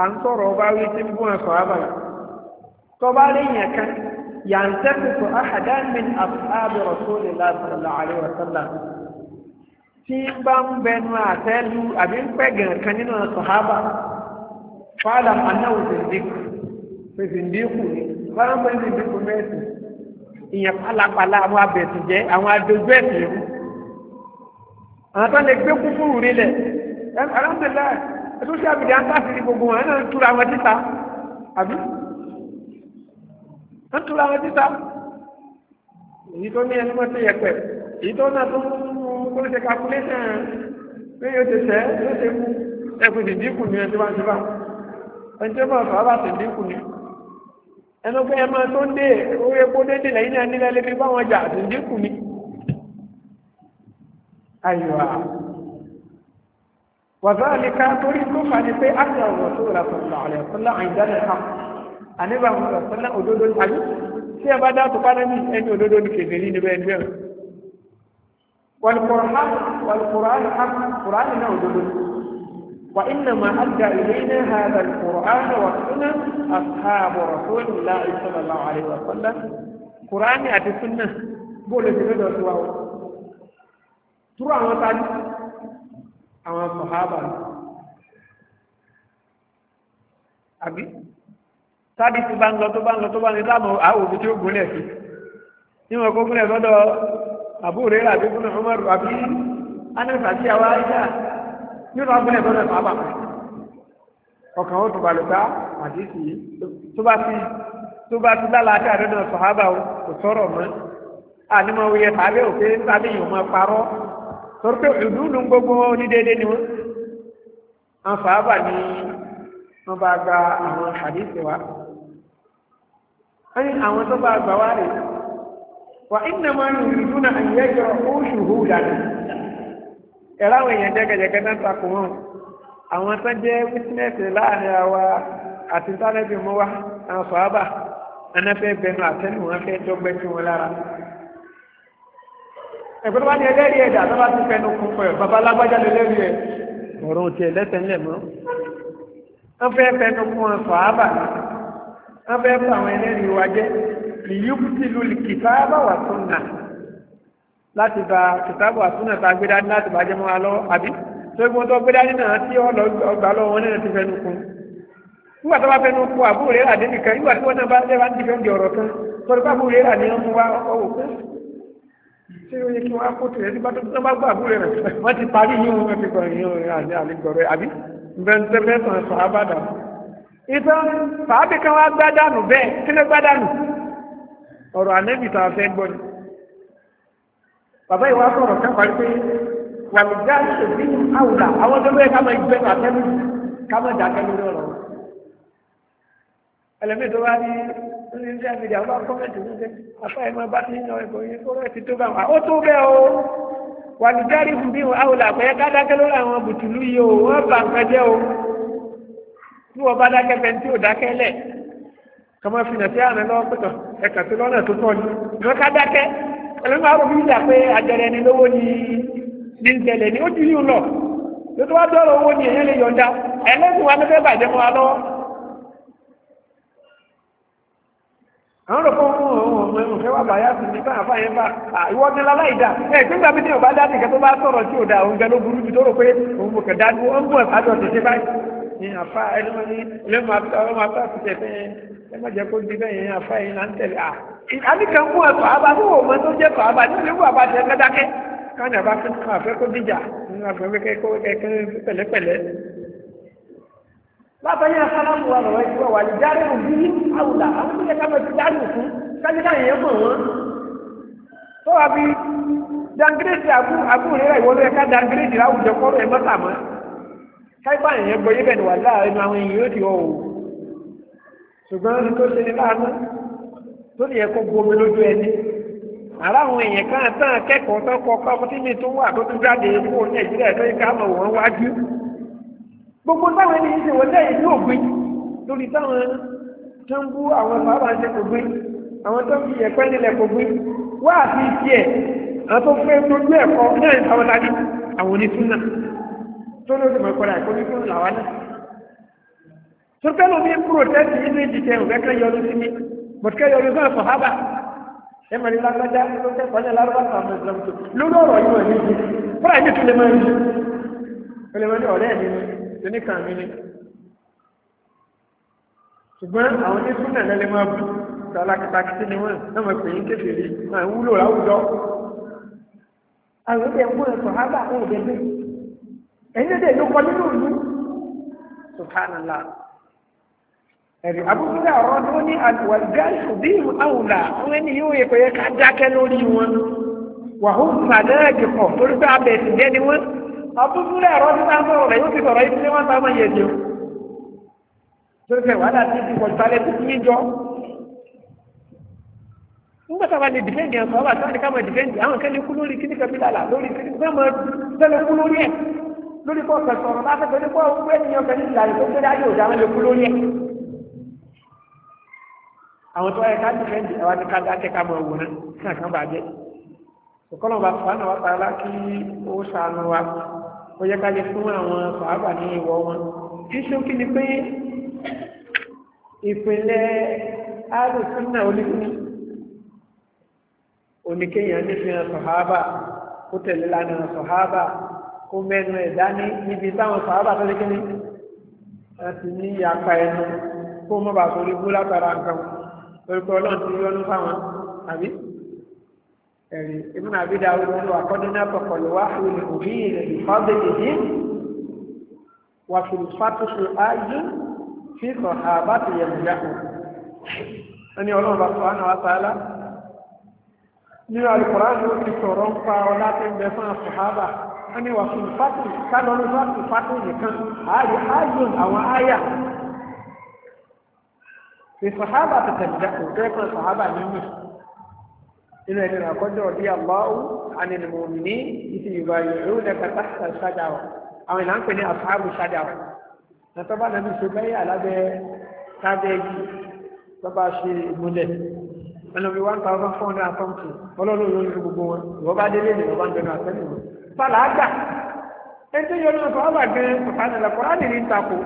à ń sọ̀rọ̀ ọba wí tí ń bú ẹ̀sọ̀ abàlá tó bá lé èèyàn kan ينتقص أحدا من أصحاب رسول الله صلى الله عليه وسلم tí ń bá ń bẹnu àtẹ́lu àbí ń pẹ́ gẹ̀rẹ̀ kan nínú sàhábà fàdà anáwó zindikù zindikù ni wọ́n ń pẹ́ zindikù mẹ́sìn ìyẹn pálapàla àwọn abẹ̀sìn jẹ́ àwọn adojú ẹ̀sìn yìí àwọn tó lè gbé kúkúrú rí lẹ̀ alhamdulilayi ẹtú sí àbìdí àtàkì gbogbo wọn ẹ̀ náà ń túra wọn títa àbí wọ́n tura wọn títa èyí tó ní ẹni wọ́n ti yẹpẹ̀ èyí tó náà tó kó ṣe calculation pé yóò ti sẹ́ yóò ti kú ẹkùn ti dínkù ní ẹni tó bá ti bá ẹni tó bá fà á bá ti dínkù ní ẹnu pé ẹ máa tó ń dé orí epo déédéé lẹ́yìn náà nílẹ̀ lébi báwọn jà ti dínkù ní. ayiwa wàzọ́ àlìká torí tó fà ní pé àti àwọn tó rà sọ̀rọ̀ àlẹ́ fúnlá àìjáde hàn àníbà wọn lọ sọ́nà òdodo àbí tí ẹ bá dá tó pálẹ́ ní ẹni òdodo ní kèfèrí níbẹ̀ ẹni bẹ́ẹ̀ والقرآن والقرآن حق القرآن له دلول وإنما أدى إلينا هذا القرآن والسنة أصحاب رسول الله صلى الله عليه وسلم قرآن أتي سنة بولة بدر سواه ترى أما تاني أما صحابة أبي sáàdì tí bá ń lọ tó bá ń lọ tó bá ń lọ láàmú àwòrán tí ó gúnlẹ̀ sí níwọ̀n kó gúnlẹ̀ sọ́dọ̀ àbúrò rà bí gúnlẹ̀ Umar àbí anẹ́sà sí àwa ayíṣà nínú agúnlẹ̀ sọ́dọ̀ sábà ọkàn ó tó balẹ̀ gbá àdéhùn yìí tó bá ti tó bá ti lálàá tí àdéhùn sọ̀hábà kò sọ̀rọ̀ mọ́ ànímọ̀ wuyẹ tàbí òfin tàbí yìí mọ́ parọ́ torí pé ìdúnnú gbogbo ní déédéé ni wọ́n àwọn sọ̀hábà ni wọ́n bá gba àwọn àdéhùn wa wọ́n ní àwọn tó bá gbà wá rè wà ìnàmọ́ ìrìndú náà àyẹ̀yọ̀ oṣù hù dànù ẹ̀rọ àwọn èèyàn jẹ́gẹ̀jẹ̀gẹ̀ náà takò wọn àwọn tó jẹ́ wítínẹ́sì láàrin àwa àti sálẹ́bì mọ́ wa àwọn sọ̀ábà anáfẹ́ bẹnu àtẹ́nu wọn fẹ́ dọ́gbẹ́ sí wọn lára ẹ̀gbọ́n tó bá ní ẹlẹ́rìí ẹ̀dá tó bá ti fẹnu kún pẹ̀ babalágbájá lẹ́lẹ́rìí ẹ̀ ọ̀rọ̀ tiẹ̀ lẹ́sẹ̀ ńlẹ̀ mọ́ wọ́n fẹ́ fẹnu kún wọn sọ̀ábà náà wọ́n fẹ́ fún àwọn ẹlẹ́rìí wa jẹ́ lìyúkútìlú kìtàbà wà súnà láti ba kìtàbà wà súnà tá a gbé dání láti bàjẹ́ mọ́ wa lọ́wọ́ àbí tóyún tó gbé dání náà tí ọgbà lọ́wọ́ wọn náà ti fẹ́ nu kún nígbà tó bá fẹ́ nu kún àbúrò rẹ̀ àdé nìkan nígbà tí wọ́n náà bá lẹ́wà ń di fẹ́ǹdì ọ̀rọ̀ kan tọ́lú bá àbúrò rẹ̀ àdé mú wa ọwọ́ pé ṣé ó yẹ kí wọ́n á kó tìrẹ̀ nígbà tó bá gbọ́ àbúrò rẹ̀ wọ́n ti parí yín wọn fi kọ̀ọ̀yìn àdé àlẹ́ gbọ̀rọ̀ àbí bẹ́ẹ̀ ìtàn fàábì kan wá gbádànù bẹ́ẹ̀ kí ló gbádànù ọ̀rọ̀ ànẹ́bì tá a fẹ́ gbọ́ ni bàbá ìwà sọ̀rọ̀ ká parí pé wàlùjá ṣèbí àwùlà àwọn tó bẹ́ẹ̀ ká máa gbẹ́ àtẹ́lù ká máa dà tẹ́lù lọ́rọ̀ ẹlẹ́mìí tó bá ní ní ní àmì ìdí àwọn kọ́mẹ̀tì ní ṣe apá ẹ̀ máa bá ti yan ẹ̀kọ́ yẹn kó rẹ̀ ti tó bá wà ó tó bẹ́ẹ̀ o wàlùjá rí fún bí àwùlà pé o tí wọ́n bá dákẹ́ fẹ́ tí ò dákẹ́ lẹ̀ kọ́mọ fìnà sí àná lọ́wọ́ pẹ̀tọ̀ ẹ̀ka tó lọ́nà tó tọ́ ni ìwọ́n ká dákẹ́ máa pé àjẹrẹ ni lówó ni ní ni ó ti yún lọ lótú wá dọ́rọ̀ owó ni èyàn lè yọ̀ǹda ẹlẹ́sìn wa ló fẹ́ bàjẹ́ wa lọ́wọ́. àwọn fún òun ní àfa ẹni wọn ní lẹ́mọ̀ àbíkà ọlọ́mọ àbíkà ti tẹ̀fẹ́ lẹ́mọ̀ jẹ́ kó di bẹ́ẹ̀ yẹn àfa yìí náà ń tẹ̀lé à. àbíkà ń mú ẹ̀fọ́ àbá tó wò mọ́ tó jẹ́ fọ́ àbá nílé wò àbá tẹ̀ kẹ́dákẹ́ káwọn àbá fẹ́ kọ́ àfẹ́ kó dìjà nínú àfẹ́ kẹ́kẹ́ pẹ̀lẹ́pẹ̀lẹ́ látọ̀yìn asálámù wa lọ́wọ́ ìtura wà ní járíù bí àwùlà àwọn tó yẹ ká bẹ ti járíù fún kájí ká yẹn mọ̀ wọ́n. tó wàá káìpá èèyàn gbọ́ yíbẹ̀ wà láàrin àwọn èèyàn yóò ti wọ́ òwò ṣùgbọ́n tó ṣe ní láàánú tó lè yẹ kó gbomi lójú ẹni àrà àwọn èèyàn kan tán kẹ́kọ̀ọ́ tó kọ ọkọ̀ tí mi tó wà tó tún jáde kó nàìjíríà tó yẹ ká mọ̀ wọ́n wájú gbogbo táwọn ènìyàn ṣe wọlé yìí yóò gbé lórí táwọn tó ń bú àwọn bàbá ṣe kò gbé àwọn tó ń fi ẹ̀pẹ́ nílẹ̀ kò gbé wá àti tiẹ̀ àwọn tó fẹ́ tójú ẹ̀kọ́ náà ní tó ló ti mọ̀ ẹ̀kọ́ rẹ̀ kó ní kó làwa náà. sọ́kẹ́nu mi ń pòrọ̀tẹ́tì nínú ìdìtẹ̀ òkẹ́kẹ́ yọrí sí mi mọ̀tíkẹ́ yọrí sọ́ọ̀ sọ̀ hábà ẹ mọ̀ ní lágbájá ló kẹ́kọ̀ọ́ ní alárúbá sàmù ìsìlámù tó lórí ọ̀rọ̀ yìí wọ̀ ní ibi fúnra mi tún lè máa ń yí ó lè máa ní ọ̀rẹ́ mi ni oníkan mi ni ṣùgbọ́n àwọn onísúnà lẹ́lẹ́ máa bù tàlákìtàkìtì ni wọ́n náà mọ̀ pé ń kéfèrè máa wúlò láwùjọ àwọn ìgbẹ́ ń bọ̀ ẹ̀sọ̀ hábà ń bẹ̀rẹ̀ ẹ̀yin dédé ló kọ nínú ìlú subhanallah ẹ̀rí abúlé ọ̀rọ̀ tó ní àlùwàlùgáṣù bí ìlú àwùlà wọn ẹni yóò yẹ kó yẹ ká dákẹ́ lórí wọn wàhùn màdáàjì kọ̀ torí pé abẹ̀sì jẹ́ ni wọ́n abúlé ọ̀rọ̀ tó náà sọ̀rọ̀ rẹ̀ yóò ti sọ̀rọ̀ ibi tí wọ́n sábà yẹ jù torí pé wàhálà ti ti pọ̀ ìbálẹ̀ tó ti jọ nígbà táwa lè dìfẹ́ǹdì àwọn àwọn àti lórí kọ́ kẹsàn ọ̀rọ̀ bá fẹ́ pẹ̀lú kọ́ gbé ènìyàn pẹ̀lú ìlànà tó gbé dájú òdà wọn lè kú lórí ẹ̀. àwọn tó wáyé ká ní fẹ́ǹdì àwa ni ká dákẹ́ ká mọ òwò náà kí nǹkan bá jẹ́. òkọ́lọ́ bá fà náà wá tààlà kí ó sànù wa ó yẹ ká lè fún àwọn fàábà ní ìwọ wọn. kí ṣó kí ni pé ìpínlẹ̀ alùsùnà oníkùnrin oníkéèyàn nífẹ̀ẹ́ sọ̀hábà ó tẹ̀lé lánàá sọ̀hábà ó mẹ́nu ẹ̀ dání níbi táwọn sàábà tó lé kíní láti ní ìyapa ẹnu kó mọ́ bàa sórí bú látara nǹkan orúkọ ọlọ́run ti yọ́nú fáwọn àbí ẹ̀rí ìmúna àbí dáwọ́ ìlú àkọ́dúnrún àkọ́kọ́lù wá ìlú òbí ìrẹ̀ ìfọ́dé ìdí wà fìlùfàtúfù ájú fífọ̀ àbátì yẹ̀mùyàwó ẹni ọlọ́run bá sọ̀rọ̀ àwọn àtàlá nínú alukọ̀rọ̀ àti ó ti sọ̀rọ̀ ń pa ọlá tó ń bẹ fún àfọ̀hábà wọ́n ní wàásù fatu kálọ́nù fatu fatu nìkan ààyè ayòn àwọn àyà ìfàhábà tètè jà kò dẹ́kun ìfàhábà nínú inú ẹni rà kọjọ ọdí àbáwò ànínmọ̀mìnì ìfi ìgbà yòówù lẹ́ka tàṣà ṣájáwà àwọn ìlànà pè ní àfàhábù ṣájáwà nàtọ́bà nàbí ṣe bẹ́yà lábẹ́ kábẹ́ẹ̀gì tọ́ba ṣe ìmúlẹ̀ ẹnlọ́bí one thousand four hundred and something ọlọ́run ló ń lu gbogbo wọn ìwọ́n bá délé ni ìwọ́n bá ń dẹnu àtẹ́lẹ̀ balaga ẹni tó yọ lọ́nà tó wà gẹ́gẹ́ kòtánilá kọ́ránì ní ìtakò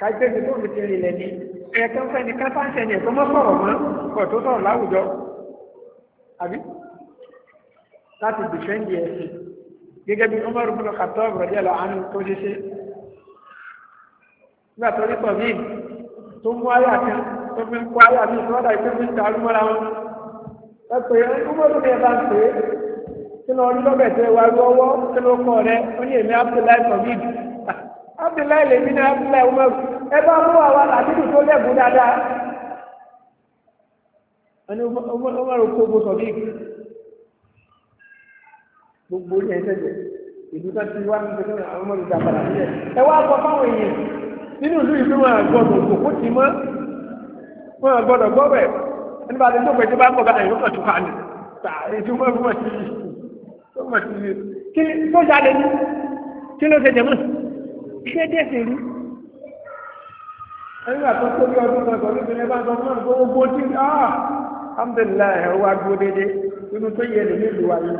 kájẹ́sì tó fi ti rìnlẹ̀ ní ẹ̀ẹ́kẹ́ fẹ́ni káfáǹsẹ̀ ni ẹ̀tọ́ mọ́ sọ̀rọ̀ mọ́ kọ̀ tó sọ̀rọ̀ láwùjọ àbí láti dìfẹ́ǹdì ẹ̀sìn gẹ́gẹ́ bí Umar ibn Khattab radiyallahu anhu tó ṣe ṣe nígbà tó rí pọ̀ míì tó mú ayé àti tó fi ń kó ayé àti ìṣọ́dà ìpínlẹ̀ ìta arúgbọ́ra wọn ẹ pè é kúmọ̀rún ni ẹ bá pè é kí lọ rí lọ́bẹ̀ tẹ wá lọ́wọ́ kí ló kọ́ rẹ ó ní èmi Abdullahi Tọ́gid ah, Abdullahi lèmi ní Abdullahi Umaru ẹ bá mú àwa àdúgbò tó lẹ́gùn dáadáa ẹni Umaru kó gbó Tọ́gid gbogbo ní ẹsẹ̀ jẹ ìlú tó ti wá nípa tó àwọn ọmọ ìgbà padà sílẹ̀ ẹ wá gbọ́ fáwọn èèyàn nínú ìlú ìlú wọn àgbọ̀dọ̀ kò kó ti mọ́ wọn nígbà tí tó pẹ̀tẹ́ bá ń bọ̀ bá ẹ̀yọ́ pẹ̀tù wà ní ètò mọ́ ìfúnmọ̀ sí i tó mọ̀ sí i kí tó jáde ní kí ló ṣe jẹ̀mọ́ ṣé díẹ̀ sì rí ẹ̀yìn àtọ́ tó bí ọdún kan sọ̀rọ̀ ìbílẹ̀ bá ń sọ fún ọ̀rọ̀ gbogbo tí ah alhamdulilayi ẹ̀rọ wa dúró déédéé inú tó yẹ lè nílùú wa yìí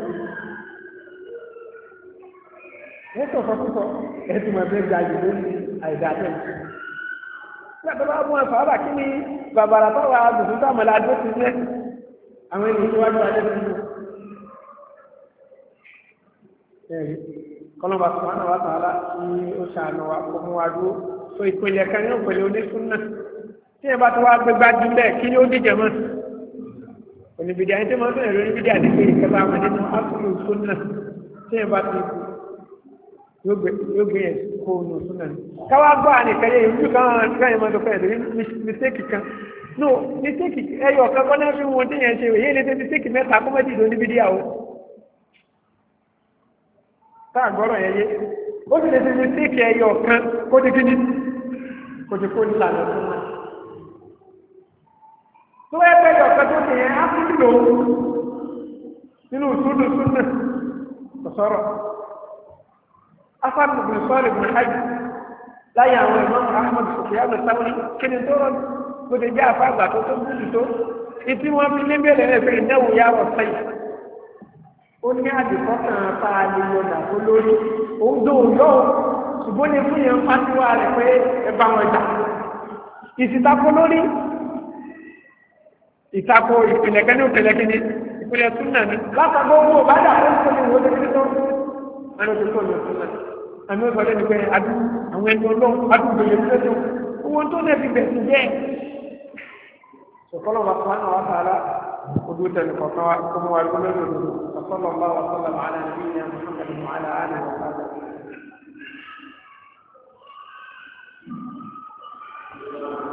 wọ́n sọ̀rọ̀ sọ̀rọ̀ ẹ̀sùn mọ̀ bẹ́ẹ̀ nígbà bá mú ẹ̀fà bá kí ni bàbàrà báwa dùdú sàmọ̀lá dó ti rẹ̀ àwọn ènìyàn tó wájú adé ti rẹ̀. ẹ̀rí kọ́lọ́mbà tó náà wà tààlà kí ó ṣàánú wa kó mú wa dúró so ìpele kan yóò pèlè onísùn náà tí ẹ bá tó wá gbégbá dúlẹ̀ kí ni ó díjẹ mọ́ oníbìdí àyẹ̀tẹ̀ mọ́tò ẹ̀rọ oníbìdí àdéhùn ìkẹta àwọn ẹ̀dẹ́nu áfúrú sùn náà tí ẹ bá ti kú yóò gbé yẹn kó nù súnà ní. káwá gbọ́ àníkẹ́yẹ ìlú kan káyọ̀ máa dọ́kọ̀ ẹ̀dẹ̀ mistake kan no mistake ẹyọ kan kọ́ náà fi wọn tí yẹn ṣe èyí lè ṣe mistake mẹ́ta kó mẹ́tì ìdó níbi díà o. táà gbọ́rọ̀ yẹn yé ó sì lè ṣe mistake ẹyọ kan kó ti kí ni kò ti kó nílànà fún wa. tó ẹ pẹ́ ẹyọ kan tó ti yẹn á tún nínú súnù afáàbù bùn sọ́ọ̀lì bùn hajj láyé àwọn ìmọ̀mù ahmed sùkúyàmù sáwọn Kini tó rọ gbọdọ̀ jẹ́ afáàgbà tó tó bùn tó ìtí wọn fi ní bẹ́ẹ̀ lẹ́yìn fún ìdáwó yà wọ̀ sẹ́yìn ó ní àdìkọ́ kan fa àlejò dàbó lórí òun dòun lọ́wọ́ ṣùgbọ́n ní fún yẹn fásiwá rẹ̀ pé ẹ bá wọn jà ìsìtakò lórí ìtakò ìpìlẹ̀ kẹ́ni òpìlẹ̀ kẹ́ni ìpìlẹ̀ túnà ní látàgbọ́ owó bá dà ó ń sọ ní ìwọ́n tó kí tó ẹni tó tó ní túnà ní àmì ọ̀sán lẹ́nu pé adú àwọn ẹni ọlọ́run adúgbò yẹn lẹ́nu owó tó lẹ́ fi bẹ̀ sí jẹ́ sọ̀kọ́lọ̀ bá fún àwọn àtàrà odò tẹ̀lé kọ̀ọ̀kan wa kó mú wa lọ́wọ́ lọ́wọ́ sọ̀kọ́lọ̀ bá wà sọ̀lọ̀ àlà nabiyina Muhammadin wa ala alihi wa sahbihi Thank you.